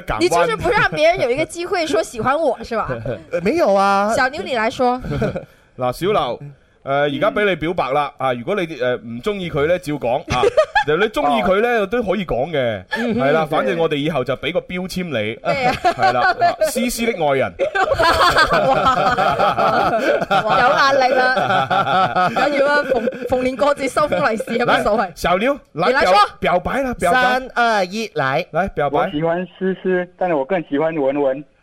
感你就是不讓別人有一個機會說喜歡我是吧？ 沒有啊，小妞你來說嗱，小劉。誒，而家俾你表白啦，啊！如果你誒唔中意佢咧，照講啊。 你中意佢咧，都可以講嘅，係啦。反正我哋以後就俾個標籤你。係 啦，思、啊、思的愛人。 哇 有壓力啦。唔緊要啦，逢逢年過節收封利是係咪所謂？小劉，來表表，表白啦！表白三二一來，來來表白。我喜歡思思，但是我更喜歡文文。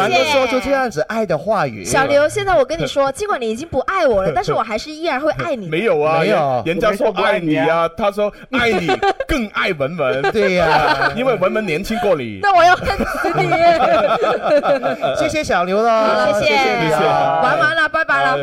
難得說出這樣子愛的話語。小劉，現在我跟你說，盡管你已經不愛我了，但是我還是依然會愛你。沒有啊，沒有，人家說愛你啊，他說愛你更愛文文。對呀，因為文文年輕過你。那我要恨死你。謝謝小劉啦，謝謝啊，玩完啦，拜拜啦，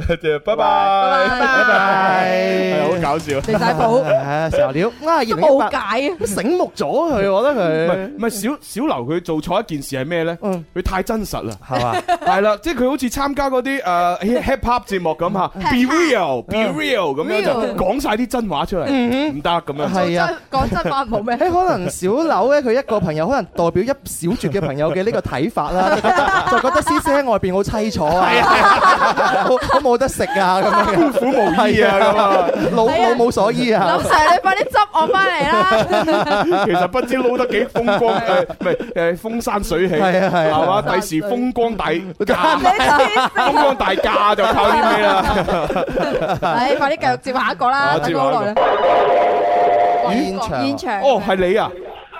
拜拜拜拜，好搞笑。謝晒寶，小劉哇，都冇解醒目咗佢，我覺得佢唔係小小劉，佢做錯一件事係咩呢？嗯，佢太真實。係嘛？係啦，即係佢好似參加嗰啲誒 hip hop 節目咁嚇，be real，be real 咁樣就講晒啲真話出嚟，唔得咁樣。係啊，講真話冇咩。誒，可能小樓咧，佢一個朋友，可能代表一小撮嘅朋友嘅呢個睇法啦，就覺得 CC 喺外邊好凄楚啊，好冇得食啊，咁樣。孤苦無依啊，老老冇所依啊。老細，你快啲執我翻嚟啦。其實不知撈得幾風光，唔係誒風生水起，係啊係啊，係嘛？第時風。風光底，風光大架就靠呢啲啦。哎，快啲繼續接下一個啦。啊、等好耐、啊、現場，現場，哦係你啊？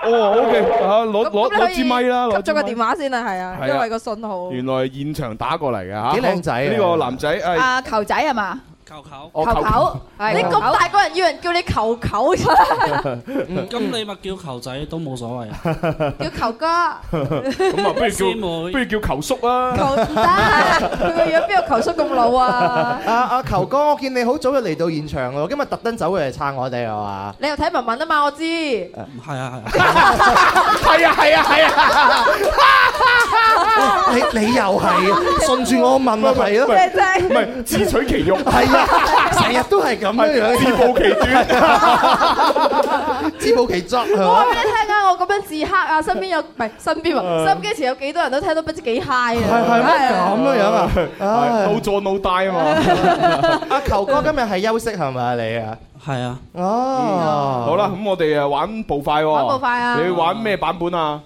哦，OK，吓攞攞攞支咪啦，接、啊、個電話先啊，係啊，因為個信號。原來現場打過嚟嘅吓，呢、啊呢個男仔啊，啊，球仔係嘛？球球，球球，你咁大個人，要人叫你球球，咁你咪叫球仔都冇所謂啊！叫球哥，咁啊，不如叫不如叫球叔啊！球仔，佢個樣邊個球叔咁老啊！阿阿球哥，我見你好早就嚟到現場咯，今日特登走過嚟撐我哋係嘛？你又睇文文啊嘛，我知，係啊係啊，係啊係啊係啊，你你又係，順住我問咪係咯，咪自取其辱係。成日都係咁樣樣，自暴其短，自暴其拙。我話俾你聽啊，我咁樣自黑啊，身邊有唔係身邊啊，收音機前有幾多人都聽到，不知幾 high 啊！係係咪咁樣啊，助助助大啊嘛！阿球哥今日係休息係咪啊？你啊，係啊，哦，好啦，咁我哋啊玩步快喎，玩步快啊！你玩咩版本啊？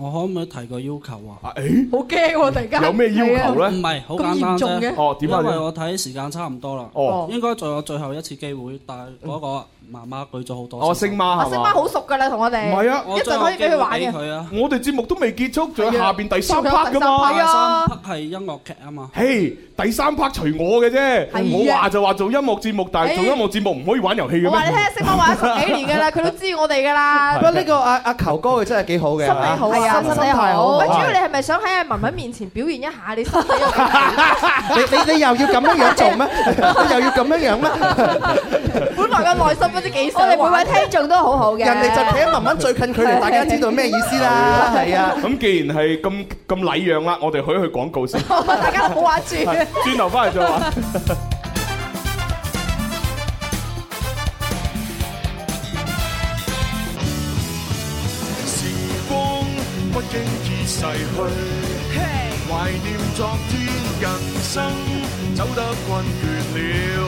我可唔可以提個要求啊？誒，好驚喎！突然間，有咩要求咧？唔係，好簡單啫。哦，點解？因為我睇時間差唔多啦。哦，應該仲有最後一次機會，但嗰個媽媽舉咗好多。哦，星媽係嘛？星媽好熟㗎啦，同我哋。唔係啊，一陣可以俾佢玩嘅。我哋節目都未結束，仲有下邊第三 part 㗎嘛？第三 part 係音樂劇啊嘛。嘿。第三 part 除我嘅啫，唔好話就話做音樂節目，但係做音樂節目唔可以玩遊戲嘅。你聽下識幫玩十幾年㗎啦，佢都知我哋㗎啦。不過呢個阿、啊、阿、啊、球哥佢真係幾好嘅，心理好，哎、呀心理好。主要你係咪想喺阿文文面前表現一下你心理 ming ling？你你又要咁樣樣做咩？你又要咁樣做 ming ling 要樣咩？ming ling 大家內心不知幾衰，每位聽眾都好好嘅。人哋就企喺文文最近距離，大家知道咩意思啦？係啊，咁既然係咁咁禮讓啦，我哋可以去廣告先。大家唔好話轉，轉頭翻嚟再玩。時光不經意逝去，懷念昨天人生，走得睏倦了。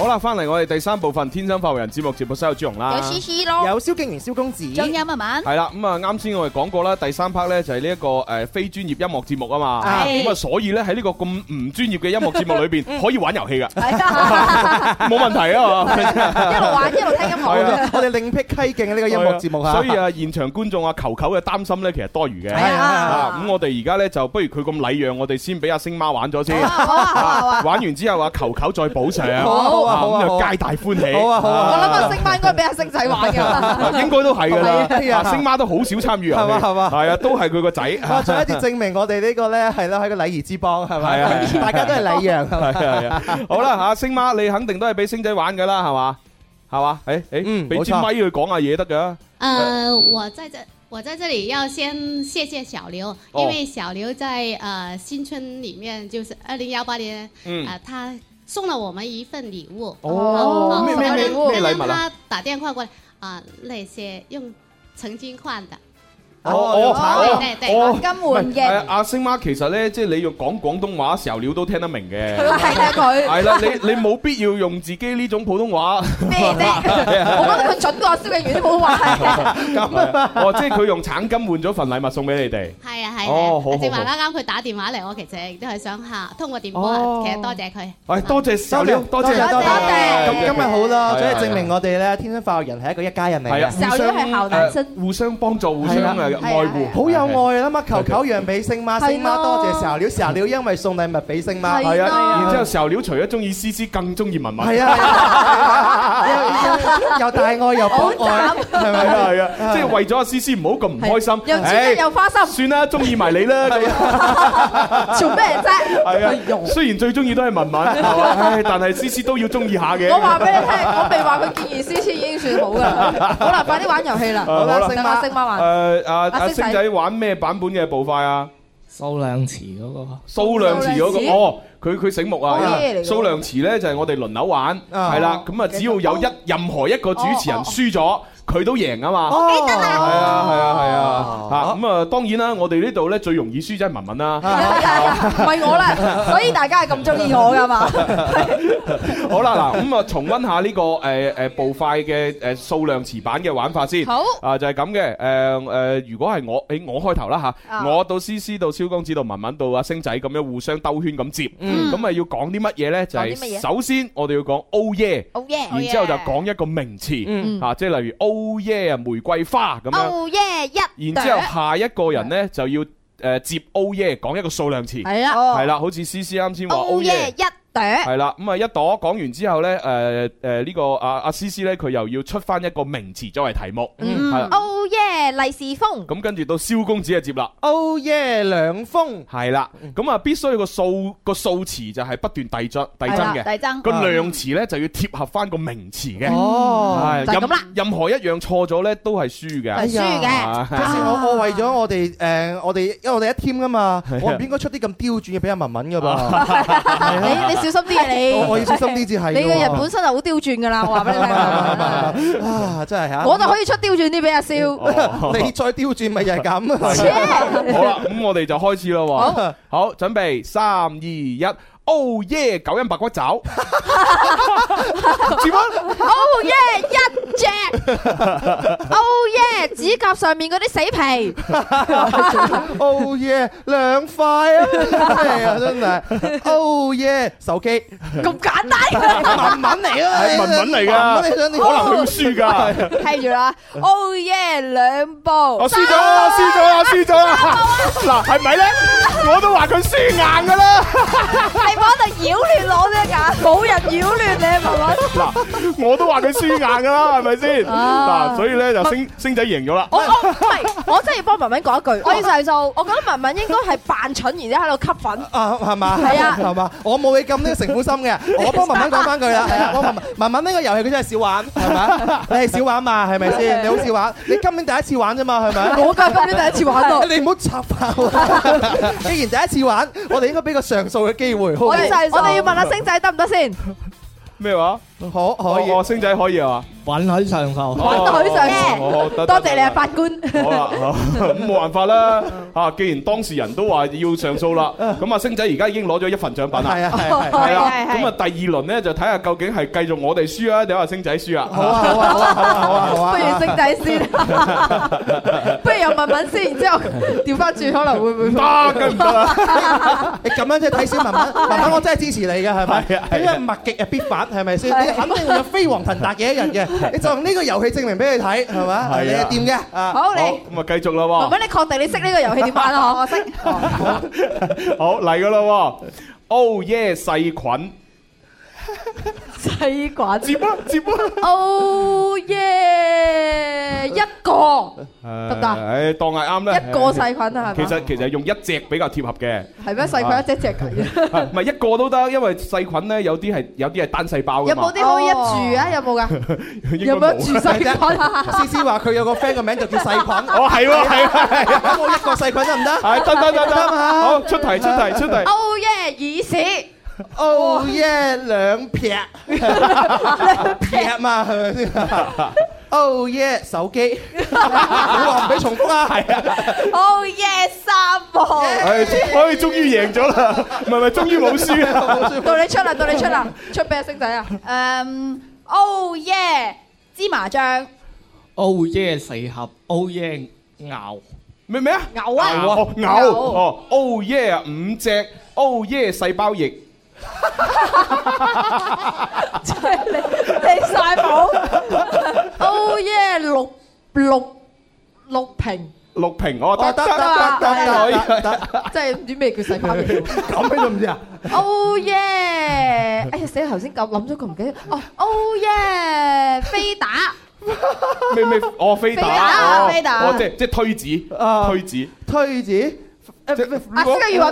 好啦，翻嚟，我哋第三部分天生快活人節目節目《收游之容》啦，有 C C 咯，有蕭敬仁、蕭公子，張欣係嘛？係啦，咁啊，啱先我哋講過啦，第三 part 咧就係呢一個誒非專業音樂節目啊嘛，咁啊，所以咧喺呢個咁唔專業嘅音樂節目裏邊，可以玩遊戲噶，冇問題啊，一路玩一路聽音樂，我哋另闢蹊徑嘅呢個音樂節目啊，所以啊，現場觀眾啊，球球嘅擔心咧，其實多餘嘅，咁我哋而家咧就不如佢咁禮讓，我哋先俾阿星媽玩咗先，玩完之後啊，球球再補上。好啊！皆大歡喜。好啊好啊！我諗阿星媽應該俾阿星仔玩嘅，應該都係啦。星媽都好少參與，係嘛係嘛？係啊，都係佢個仔。哇！再一次證明我哋呢個咧，係啦，係個禮儀之邦，係咪？啊，大家都係禮讓，係咪？好啦，阿星媽，你肯定都係俾星仔玩嘅啦，係嘛？係嘛？誒誒，俾支咪去講下嘢得噶。誒，我在這，我在這裏要先謝謝小劉，因為小劉在誒新春裏面，就是二零一八年，嗯，啊他。送了我們一份禮物，剛剛他打電話過來，啊、呃，那些用曾經換的。哦，橙金換嘅，阿星媽其實咧，即係你要講廣東話嘅時候，料都聽得明嘅。佢係㗎，佢係啦，你你冇必要用自己呢種普通話。我覺得佢準過消極粵語普通話係。哦，即係佢用橙金換咗份禮物送俾你哋。係啊，係。哦，好好。正話啱啱佢打電話嚟，我其實亦都係想嚇通過電話，其實多謝佢。喂，多謝收料，多謝多謝。咁今日好啦，即係證明我哋咧，天生快活人係一個一家人嚟嘅。係啊，互相互相幫助，互相嘅。愛護，好有愛啊嘛！求求讓俾星媽，星媽多謝勺鳥，勺鳥因為送禮物俾星媽，係啊。然之後勺鳥除咗中意思思，更中意文文。係啊，又又大愛又博愛，係咪啊？係啊！即係為咗阿思思唔好咁唔開心，又痴又花心，算啦，中意埋你啦。做咩啫？係啊，雖然最中意都係文文，唉，但係思思都要中意下嘅。我話俾你聽，我未話佢建議思思已經算好噶啦。好啦，快啲玩遊戲啦！好啦，星媽，星媽玩。阿、啊、星仔玩咩版本嘅步快啊？蘇亮池嗰、嗰個，蘇亮池嗰、嗰個，哦，佢佢醒目啊！蘇亮 Okay, 池咧就係我哋輪流玩，係啦，咁啊只要有一、uh, 任何一個主持人輸咗。Uh, uh. 佢都贏啊嘛，我記得係啊係啊係啊，嚇咁啊當然啦，我哋呢度咧最容易輸就係文文啦，唔係我啦，所以大家係咁中意我噶嘛。好啦嗱，咁啊重温下呢個誒誒步快嘅誒數量詞版嘅玩法先。好啊，就係咁嘅誒誒。如果係我，誒我開頭啦吓，我到 C C 到肖公子到文文到阿星仔咁樣互相兜圈咁接，咁啊要講啲乜嘢咧？就係首先我哋要講 Oh Yeah，然之後就講一個名詞嚇，即係例如 Oh yeah！玫瑰花咁樣，Oh yeah 一。Oh、yeah, yep，然之後下一個人咧對就要誒、呃、接 Oh yeah，講一個數量詞，係啊了，係啦、oh，好似思思啱先話。Oh yeah 一。朵係啦，咁啊一朵講完之後咧，誒誒呢個阿阿詩詩咧，佢又要出翻一個名詞作為題目。嗯，Oh yeah，利是風。咁跟住到蕭公子就接啦。Oh yeah，涼風。係啦，咁啊必須要個數個數詞就係不斷遞進遞增嘅，遞增個量詞咧就要貼合翻個名詞嘅。哦，就咁啦。任何一樣錯咗咧都係輸嘅，係輸嘅。我為咗我哋誒，我哋因為我哋一 team 噶嘛，我唔應該出啲咁刁鑽嘅俾阿文文噶噃。小心啲啊！的你我要小心啲至係。你嘅人本身就好刁鑽噶啦，我話俾你聽。啊 的，真係吓！我就可以出刁鑽啲俾阿蕭。你再刁鑽咪又係咁。 Yeah 好啦，咁、嗯、我哋就開始咯。好，oh。好，準備三二一。3, 2, Oh yeah，九陰白骨爪，紙巾。Oh yeah，一隻。Oh yeah，指甲上面嗰啲死皮。Oh yeah，兩塊啊，係啊，真係。Oh yeah，手機，咁簡單。文文嚟啊，文文嚟噶，你想你可能會輸噶。睇住啦，Oh yeah，兩部。我輸咗，輸咗，輸咗啊。嗱，係咪咧？我都話佢輸硬噶啦。玩就擾亂我隻眼，冇人擾亂你文文。嗱，我都話佢輸硬㗎啦，係咪先？嗱，所以咧就星星仔贏咗啦。我我唔係，我真係要幫文文講一句，我意思就係就，我覺得文文應該係扮蠢，然後喺度吸粉。啊，係嘛？係啊，係嘛？我冇你咁啲成府心嘅，我幫文文講翻句啦。係啊，我文文文文呢個遊戲佢真係少玩，係嘛？你係少玩嘛，係咪先？你好少玩，你今年第一次玩啫嘛，係咪？我今年第一次玩啊！你唔好插爆啊！既然第一次玩，我哋應該俾個上訴嘅機會。我我哋要問下星仔得唔得先？咩話？可可以，星仔可以啊，允許上訴，允許上訴，多謝你啊，法官。咁冇辦法啦，吓，既然當事人都話要上訴啦，咁啊，星仔而家已經攞咗一份獎品啦，係啊係啊，係咁啊，第二輪咧就睇下究竟係繼續我哋輸啊，定話星仔輸啊？好啊好啊好啊，不如星仔先，不如有文文先，然之後調翻轉，可能會唔會？得得啦，你咁樣即係睇小文文，文文我真係支持你嘅，係咪？因為物極啊必反，係咪先？肯定 會有飛黃騰達嘅一日嘅，你就用呢個遊戲證明俾佢睇，係嘛？係啊，掂嘅啊，好你咁啊，繼續啦喎。如果你確定你識呢個遊戲點玩啊？我識。好嚟噶啦，Oh Yeah！細菌。細菌接啊接啊！Oh yeah，一個得唔得？唉，當係啱啦。一個細菌啊，係嘛？其實其實用一隻比較貼合嘅，係咩細菌？一隻隻，唔係一個都得，因為細菌咧有啲係有啲係單細胞嘅。有冇啲可以一住啊？有冇噶？有冇一住細菌？詩詩話佢有個 friend 嘅名就叫細菌。哦，係喎係喎係喎，咁我一個細菌得唔得？係得得得得啊！好出題出題出題！Oh yeah，已是。Oh yeah，兩劈劈嘛，係咪先？Oh yeah，手機，唔畀重複啊，係啊。Oh yeah，三號，我哋終於贏咗啦！唔係唔係，終於冇輸啦！冇輸。到你出啦，到你出啦，出邊啊，星仔啊？嗯，Oh yeah，芝麻醬。Oh yeah，四盒。Oh yeah，牛，咩咩啊？牛啊！牛哦，Oh yeah，五隻。Oh yeah，細胞液。哈哈真係你你晒寶，Oh yeah，六六六平六平，我得得得得得得，真係唔知咩叫晒平，咁你都唔知啊！Oh yeah，哎呀死啦！頭先咁諗咗個唔記得，哦，Oh yeah，飛打咩咩？哦飛打，打！我飛打！我飛打！哦即係即係推子，推子，推子。阿詩嘉語雲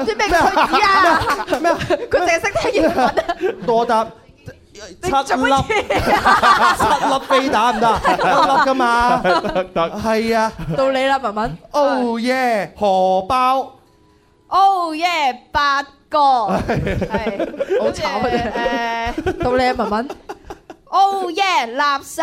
知咩句子啊？係咩啊？佢淨係識聽英文啊！多答七粒，粒飛彈唔得？粒粒噶嘛？得得。係啊！到你啦，文文。Oh yeah，荷包。Oh yeah，八個。係係係。好醜啊！誒，到你啦，文文。Oh yeah，垃圾。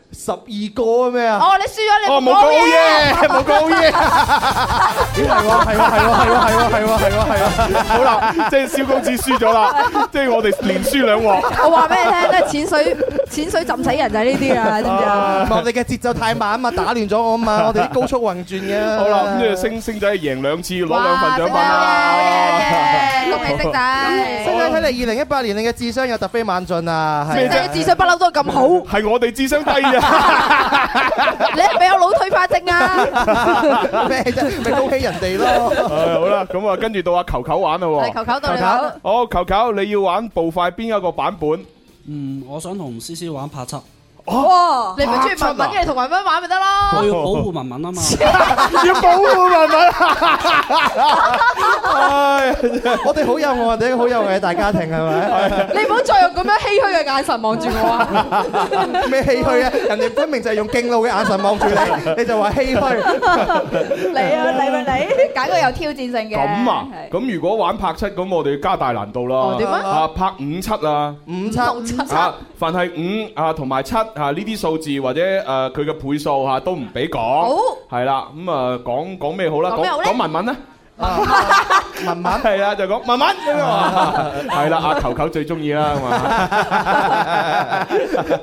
十二個咩啊？哦，你輸咗你哦冇講嘢，冇講嘢，咦係喎，係喎，係喎，係喎，係喎，係喎，係喎，好啦，即係蕭公子輸咗啦，即係我哋連輸兩鑊。我話俾你聽，即係淺水，淺水浸死人就係呢啲啊，知唔知啊？我哋嘅節奏太慢啊嘛，打亂咗我啊嘛，我哋啲高速運轉嘅。好啦，咁即星星仔贏兩次攞兩份獎品啦。恭喜星仔，星仔睇嚟二零一八年你嘅智商有突飛猛進啊！咩嘅智商不嬲都咁好。係我哋智商低啊！ 你係咪有腦退化症啊？咩 啫？咪恭喜人哋咯、 哎！好啦，咁、嗯、啊，跟住到阿球球玩啦！球球，到你玩。好，球球，你要玩步快邊一個版本？嗯，我想同 C C 玩拍七。哦，你咪中意文文嘅，同文文玩咪得咯？我要保護文文啊嘛！要保護文文啊！我哋好有愛，我哋好有愛嘅大家庭係咪？你唔好再用咁樣唏嘘嘅眼神望住我啊！咩唏嘘啊？人哋分明就係用勁嬲嘅眼神望住你，你就話唏嘘？你啊你咪你？揀個有挑戰性嘅。咁啊？咁如果玩拍七，咁我哋要加大難度啦。點啊？拍五七啊，五七啊，凡係五啊同埋七。吓呢啲數字或者誒佢嘅倍數吓都唔俾講，係啦咁啊講講咩好啦？講講文文啦，文文係啦就講文文，係啦阿球球最中意啦咁啊，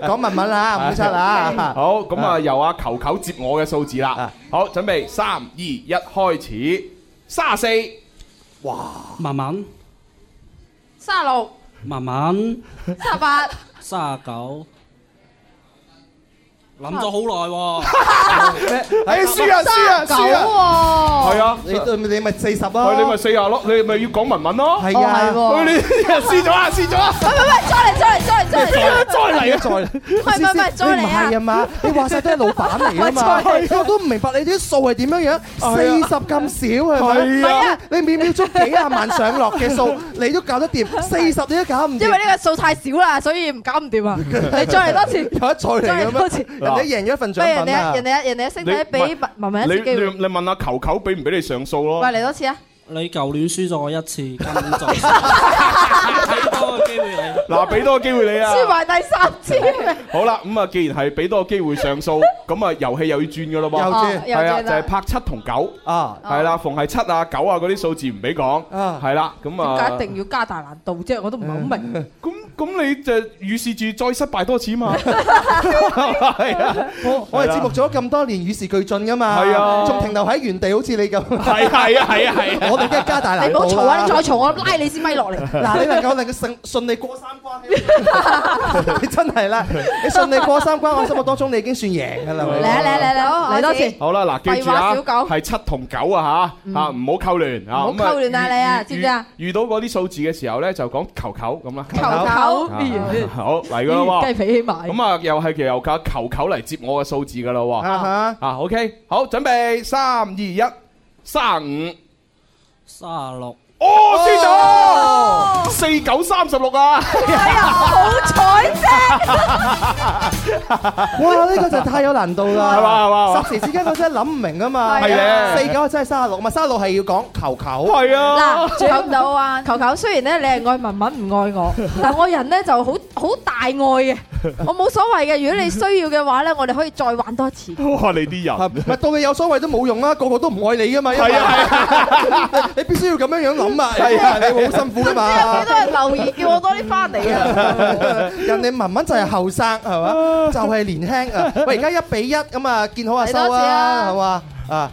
講文文啊五七啊，好咁啊由阿球球接我嘅數字啦，好準備三二一開始，卅四，哇文文，卅六文文，卅八卅九。諗咗好耐喎，你輸啊輸啊輸啊！係啊，你你咪四十咯，你咪四十咯，你咪要講文文咯，係啊，你輸咗啊，輸咗啊！喂喂喂，再嚟再嚟再嚟再嚟，再嚟啊！再嚟，唔唔唔，再嚟啊！係啊嘛，你話晒都係老闆嚟啊嘛，我都唔明白你啲數係點樣樣，四十咁少係咪？係啊，你秒秒足幾啊萬上落嘅數，你都搞得掂，四十你都搞唔掂，因為呢個數太少啦，所以唔搞唔掂啊！你再嚟多次，再嚟多次。人哋贏咗一份獎品啊！人哋一、人哋一、人哋一升低，俾文文一次機會你。你你，你問阿球球俾唔俾你上訴咯？喂，嚟多次啊！你舊年輸咗我一次，今次再，睇多個機會你。嗱，俾多個機會你啦。輸埋第三次。好啦，咁啊，既然係俾多個機會上訴，咁啊，遊戲又要轉嘅咯喎。又轉，係啊，就係拍七同九啊，係啦，逢係七啊、九啊嗰啲數字唔俾講。啊，係啦，咁啊。點解一定要加大難度啫？我都唔係好明。咁咁你就預示住再失敗多次嘛？係啊，我我哋節目咗咁多年，與時俱進噶嘛。係啊，仲停留喺原地，好似你咁。係係啊係啊係！我哋而家加大難。你唔好嘈啊！你再嘈，我拉你先咪落嚟。嗱，你能夠能夠順順利過三。你真係啦！你順利過三關，我心目當中你已經算贏噶啦！嚟嚟嚟嚟，好，嚟多次。好啦，嗱，記住啦，小狗係七同九啊，吓吓，唔好扣亂啊，唔好扣亂啊，你啊，知唔知啊？遇到嗰啲數字嘅時候咧，就講球球咁啦。球球，好嚟噶喎！雞皮起麻。咁啊，又係由靠球球嚟接我嘅數字噶啦喎。啊哈，啊，OK，好，準備，三二一，三五，三六。哦，知道四九三十六啊！好彩啫！哇，呢個就太有難度啦，係嘛？霎時之間，我真係諗唔明啊嘛！係咧，四九真係三十六，咪三十六係要講球球係啊！諗唔到啊！球球雖然咧，你係愛文文唔愛我，但係我人咧就好好大愛嘅，我冇所謂嘅。如果你需要嘅話咧，我哋可以再玩多次。哇！你啲人咪到你有所謂都冇用啦，個個都唔愛你噶嘛！係啊係啊！你必須要咁樣樣來。咁啊，係啊，你會好辛苦噶嘛？幾多人留言 叫我多啲返嚟啊 人慢慢？人哋文文就係後生係嘛，就係年輕啊！喂，而家一比一咁啊，見好啊收啊，係嘛啊？啊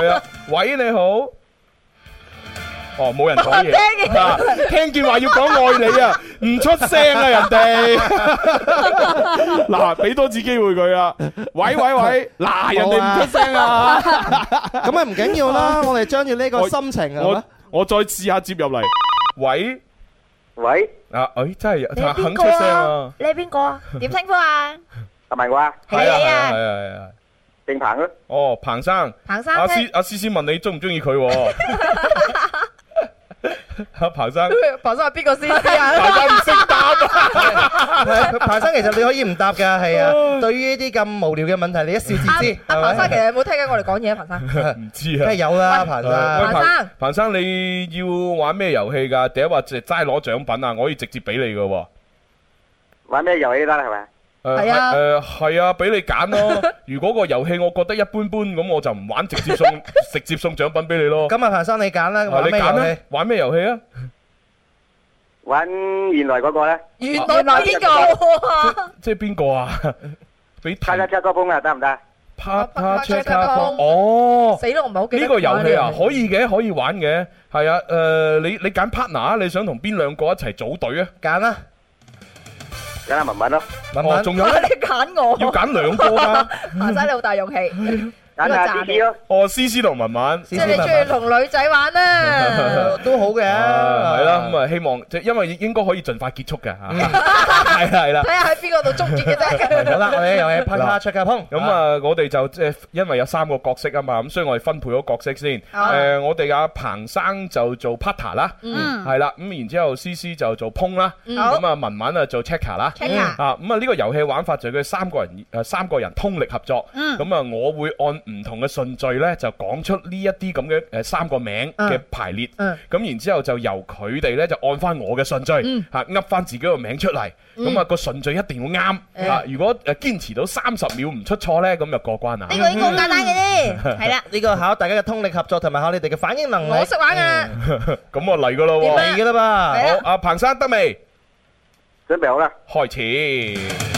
係啊，喂，你好，哦，冇人講嘢，聽見，聽見話要講愛你啊，唔出聲啊人哋。嗱，俾多次機會佢啊，喂喂，喂，嗱，人哋唔出聲啊，咁啊唔緊要啦，我哋將住呢個心情啊，我我再試下接入嚟。喂喂啊，誒，真係肯出聲啊，你係邊個啊？點稱呼啊？係咪我啊？係啊。鄭鵬咯，哦，彭生，彭生，阿思阿思思問你中唔中意佢？阿彭生，彭生話邊個思思啊？彭生唔識答，係，彭生其實你可以唔答噶，係啊。對於呢啲咁無聊嘅問題，你一笑置之。阿彭生其實有冇聽緊我哋講嘢？彭生。唔知啊，梗係有啦，彭生，彭生，彭生你要玩咩遊戲噶？第一話就係齋攞獎品啊，我可以直接俾你噶。玩咩遊戲得？係咪？誒，誒，係啊，俾你揀咯。如果個遊戲我覺得一般般，咁我就唔玩，直接送直接送獎品俾你咯。咁啊，彭生你揀啦。係你揀咩？玩咩遊戲啊？玩原來嗰個咧？原來邊個？即係邊個啊？partner 車哥幫啊，得唔得？partner 車哥幫哦。死咯，唔好記啦。呢個遊戲啊，可以嘅，可以玩嘅。係啊，誒，你你揀 partner 啊？你想同邊兩個一齊組隊啊？揀啊！揀文文咯，文文仲有、啊、你揀我！要揀兩個啦、啊，麻 曬 你好大勇氣。 揀下啲咯。哦，思思同文文。即係你中意同女仔玩啦，都好嘅。係啦，咁啊，希望即係因為應該可以盡快結束嘅吓。係啦。睇下喺邊個度終結嘅啫。好啦，我哋遊戲。Putter、Check、Pong。咁啊，我哋就即係因為有三個角色啊嘛，咁所以我哋分配咗角色先。誒，我哋阿彭生就做 Putter 啦。嗯。係啦，咁然之後思思就做 Pong 啦。好。咁啊，文文啊做 Checker 啦。Checker。啊，咁啊，呢個遊戲玩法就係佢三個人誒，三個人通力合作。嗯。咁啊，我會按。唔同嘅順序咧，就講出呢一啲咁嘅、誒三個名嘅排列。咁然之後就由佢哋咧就按翻我嘅順序吓，噏翻自己個名出嚟。咁啊個順序一定要啱。如果誒堅持到三十秒唔出錯咧，咁就過關啦。呢個應該好簡單嘅啫，係啦。呢個考大家嘅通力合作，同埋考你哋嘅反應能力。我識玩啊。咁啊嚟噶咯喎。嚟噶啦嘛。好，阿彭生得未？準備好啦，開始。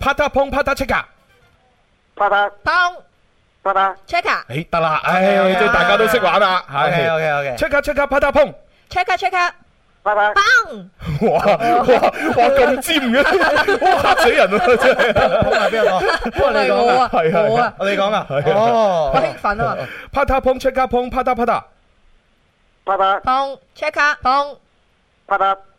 帕塔碰帕塔切卡。拍嗒砰，拍嗒 check 啊！哎得啦，哎即係大家都識玩啦，係。check 啊 check 啊，拍嗒砰，check 啊 check 啊，拜拜。砰！哇哇哇咁尖嘅，哇吓死人啊真係。邊個講？我啊你講啊。係啊。你講啊。哦。煩啊。拍嗒砰，check 啊砰，拍嗒拍嗒，拍嗒砰，check 啊砰，拍嗒。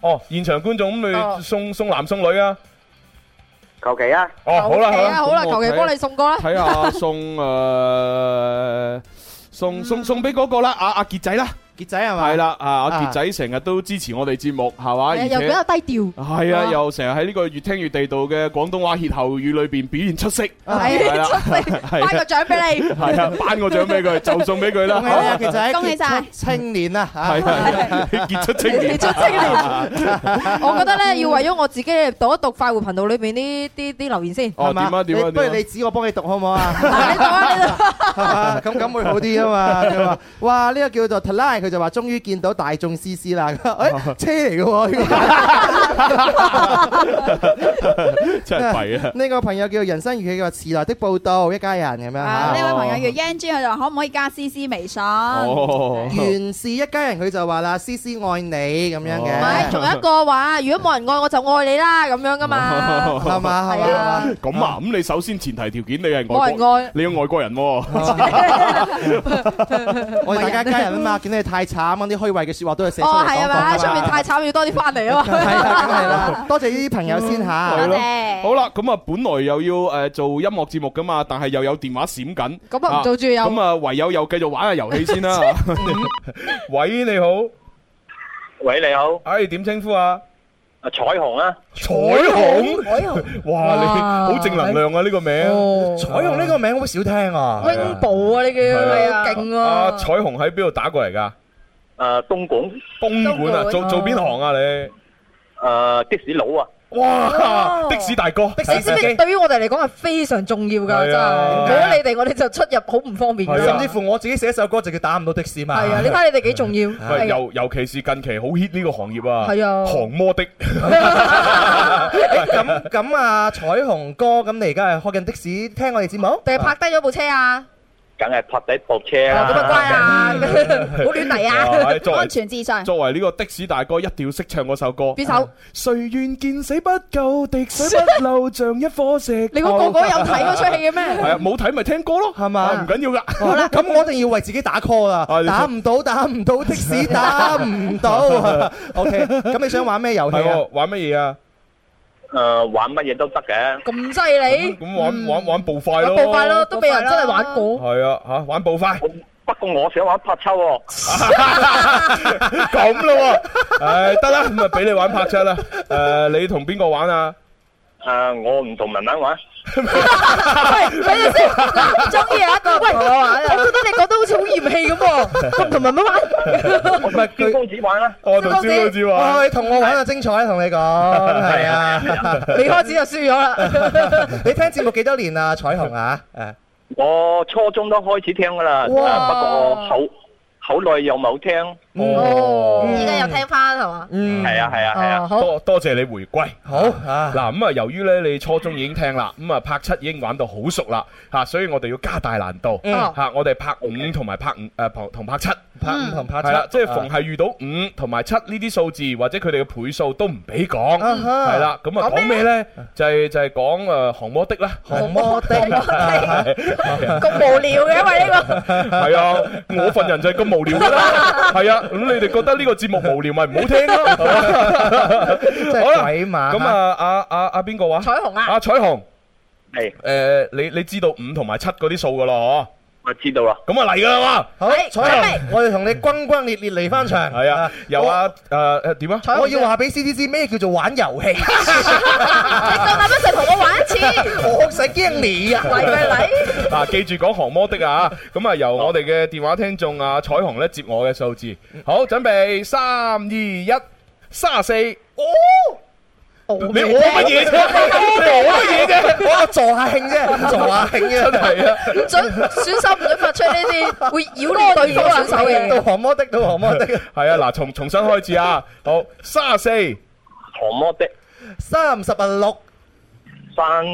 哦，現場觀眾咁你送、哦、送，送男送女啊？求其、哦、啊！哦好，啊、好啦，好啦，好啦，求其幫你送過啦，睇下送誒、 呃，送、嗯、送送俾嗰個啦，阿阿杰仔啦。傑仔係嘛？係啦，啊！阿傑仔成日都支持我哋節目，係嘛？而且又比較低調。係啊，又成日喺呢個越聽越地道嘅廣東話歇後語裏邊表現出色。係啦，出色。頒個獎俾你。係啊，頒個獎俾佢，就送俾佢啦。好啊，傑仔，恭喜曬青年啊！傑出青年，傑出青年。我覺得咧，要為咗我自己讀一讀快活頻道裏邊啲啲啲留言先。哦，點啊？點啊？不如你指我幫你讀好唔好啊？你讀啊，你讀。咁咁會好啲啊嘛？哇！呢個叫做 Talay 佢。就話終於見到大眾 C C 啦！誒，車嚟嘅喎，真係啊！呢個朋友叫人生如戲，話遲來的報道一家人咁樣。呢位朋友叫 a n g Z，佢就話可唔可以加 C C 微信？原是一家人，佢就話啦：C C 愛你咁樣嘅。仲有一個話：如果冇人愛我就愛你啦咁樣噶嘛，係嘛？係啊。咁啊，咁你首先前提條件你係外，你係外國人喎。大家一家人啊嘛，見你太～太慘，啲虛偽嘅說話都有寫出嚟。哦，係嘛，出面太慘，要多啲翻嚟啊嘛。係啦，多謝呢啲朋友先吓。好啦，咁啊，本來又要誒做音樂節目噶嘛，但係又有電話閃緊，咁啊，唔做住，咁啊，唯有又繼續玩下遊戲先啦。喂，你好，喂，你好，哎，點稱呼啊？啊，彩虹啊，彩虹，彩虹，哇，你好正能量啊！呢個名，彩虹呢個名好少聽啊，溫寶啊，你叫，勁喎。啊，彩虹喺邊度打過嚟噶？誒，東莞東莞啊，做做邊行啊你？誒，的士佬啊！哇，的士大哥，的士對於我哋嚟講係非常重要噶，真係冇咗你哋，我哋就出入好唔方便。甚至乎我自己寫首歌，直接打唔到的士嘛。係啊，你睇你哋幾重要。尤尤其是近期好 hit 呢個行業啊，航摩的。咁咁啊，彩虹哥，咁你而家係開緊的士，聽我哋節目定係拍低咗部車啊？梗係拍第部車啦，好乖啊，好亂嚟，啊，安全至上。作為呢個的士大哥，一定要識唱嗰首歌。邊首？誰願見死不救，滴血流像一顆石。你個個個有睇嗰出戲嘅咩？係啊，冇睇咪聽歌咯，係嘛？唔緊要噶。好啦，咁我一定要為自己打 call 啦。打唔到，打唔到的士，打唔到。O K，咁你想玩咩遊戲？係啊，玩乜嘢啊？誒，玩乜嘢都得嘅，咁犀利，咁玩玩玩步快咯，步快咯，都俾人真係玩過。係啊，吓玩步快。不過我想玩拍七喎，咁咯，唉得啦，咁咪俾你玩拍七啦。誒，你同邊個玩啊？誒，我唔同文文玩。喂，等陣先，嗱，中意，有一個喂，我覺得你講得好似好嫌棄咁喎，同唔同埋乜玩？唔係，叫公子玩啦，叫公子，哇，你同我玩啊，精彩啊，同你講，係啊，未開始就輸咗啦，你聽節目幾多年啊，彩虹啊，誒，我初中都開始聽噶啦，不過好。好耐又冇聽，哦，依家又聽翻係嘛？嗯，係啊，係啊，係啊，好多謝你回歸。好，嗱咁啊，由於咧你初中已經聽啦，咁啊拍七已經玩到好熟啦，吓，所以我哋要加大難度，吓，我哋拍五同埋拍五誒，同同拍七，拍五同拍七，即係逢係遇到五同埋七呢啲數字或者佢哋嘅倍數都唔俾講，係啦，咁啊講咩咧？就係就係講誒，降魔的啦，降魔的，咁無聊嘅，因為呢個係啊，我份人就係咁。無聊噶啦，係啊，咁你哋覺得呢個節目無聊咪唔好聽咯，係嘛，真係鬼嘛。咁啊，阿阿阿邊個話？啊、彩虹啊，阿、啊、彩虹，係是，誒、呃，你你知道五同埋七嗰啲數噶咯。啊我知道啦，咁啊嚟噶啦嘛！好，對彩虹，是是我哋同你轟轟烈烈嚟翻場。係啊，由啊，誒誒我，點、呃、啊？我要話俾 CTC 咩叫做玩遊戲？ 你夠膽一齊同我玩一次？ 我唔使驚你啊！嚟嚟嚟！嗱、 啊，記住講航模的啊！咁啊，由我哋嘅電話聽眾啊，彩虹咧接我嘅數字。好，準備三二一，卅四，哦！你我乜嘢啫？我乜嘢啫？我話助下興啫，助下興啊，係啊，唔准選手唔准發出呢啲會擾亂對手嘅。到狂魔的，到狂魔的，係啊，嗱，重重新開始啊，好，三十四，狂魔的，三十六，三，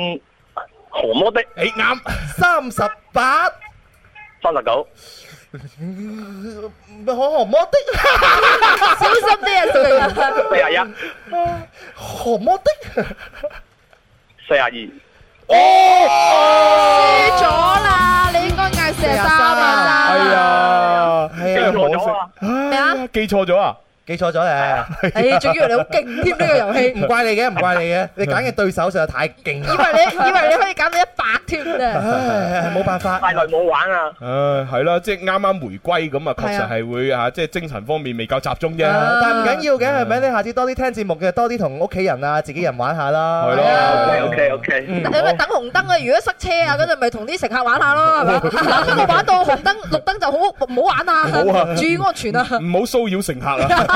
狂魔的，誒啱，三十八。三十九，唔好學，何摩的，四十二，四廿一，何摩的，四廿二，哦，輸咗啦，你應該嗌四廿三啊，哎呀，哎呀，記錯咗啊，咩啊？記錯咗啊？記錯咗咧，誒，仲以為你好勁添呢個遊戲。唔怪你嘅，唔怪你嘅，你揀嘅對手實在太勁。以為你以為你可以揀到一百添真係，冇辦法，太耐冇玩啦。誒，係咯，即係啱啱回歸咁啊，確實係會啊，即係精神方面未夠集中啫。但係唔緊要嘅，係咪你下次多啲聽節目嘅，多啲同屋企人啊、自己人玩下啦，係咯，OK OK。咁咪等紅燈啊，如果塞車啊，咁就咪同啲乘客玩下咯，不過玩到紅燈綠燈就好唔好玩啊，注意安全啊，唔好騷擾乘客啊。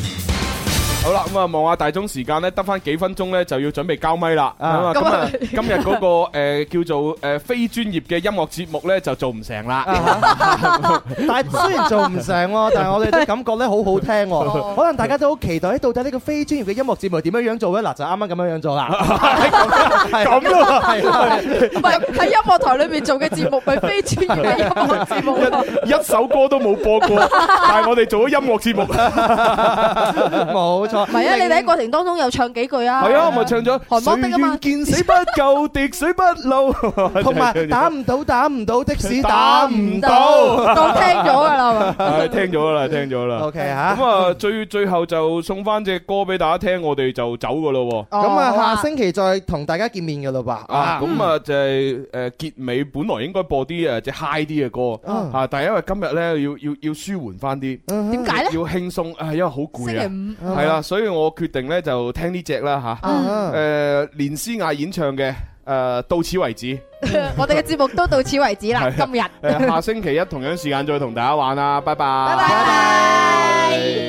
好啦，咁啊望下大鐘時間咧，得翻幾分鐘咧就要準備交咪啦。咁啊，今日嗰個誒叫做誒非專業嘅音樂節目咧就做唔成啦。但係雖然做唔成咯，但係我哋都感覺咧好好聽喎。可能大家都好期待，到底呢個非專業嘅音樂節目點樣樣做咧？嗱，就啱啱咁樣樣做啦。咁啊，係喺音樂台裏邊做嘅節目係非專業嘅音樂節目，一一首歌都冇播過，但係我哋做咗音樂節目，冇。唔係啊！你哋喺過程當中又唱幾句啊？係啊，我咪唱咗寒莫的啊嘛。誰見死不救，滴水不漏，同埋打唔到，打唔到的士，打唔到都聽咗噶啦。聽咗啦，聽咗啦。OK 吓？咁啊，最最後就送翻隻歌俾大家聽，我哋就走噶咯。咁啊，下星期再同大家見面噶咯噃。啊，咁啊，就係誒結尾，本來應該播啲誒即係 high 啲嘅歌嚇，但係因為今日咧要要要舒緩翻啲，點解咧？要輕鬆啊，因為好攰啊，星期五係啦。所以我決定咧就聽呢隻啦嚇，誒連詩雅演唱嘅誒、呃、到此為止， 我哋嘅節目都到此為止啦，今日、 啊呃、下星期一 同樣時間再同大家玩啦，拜拜。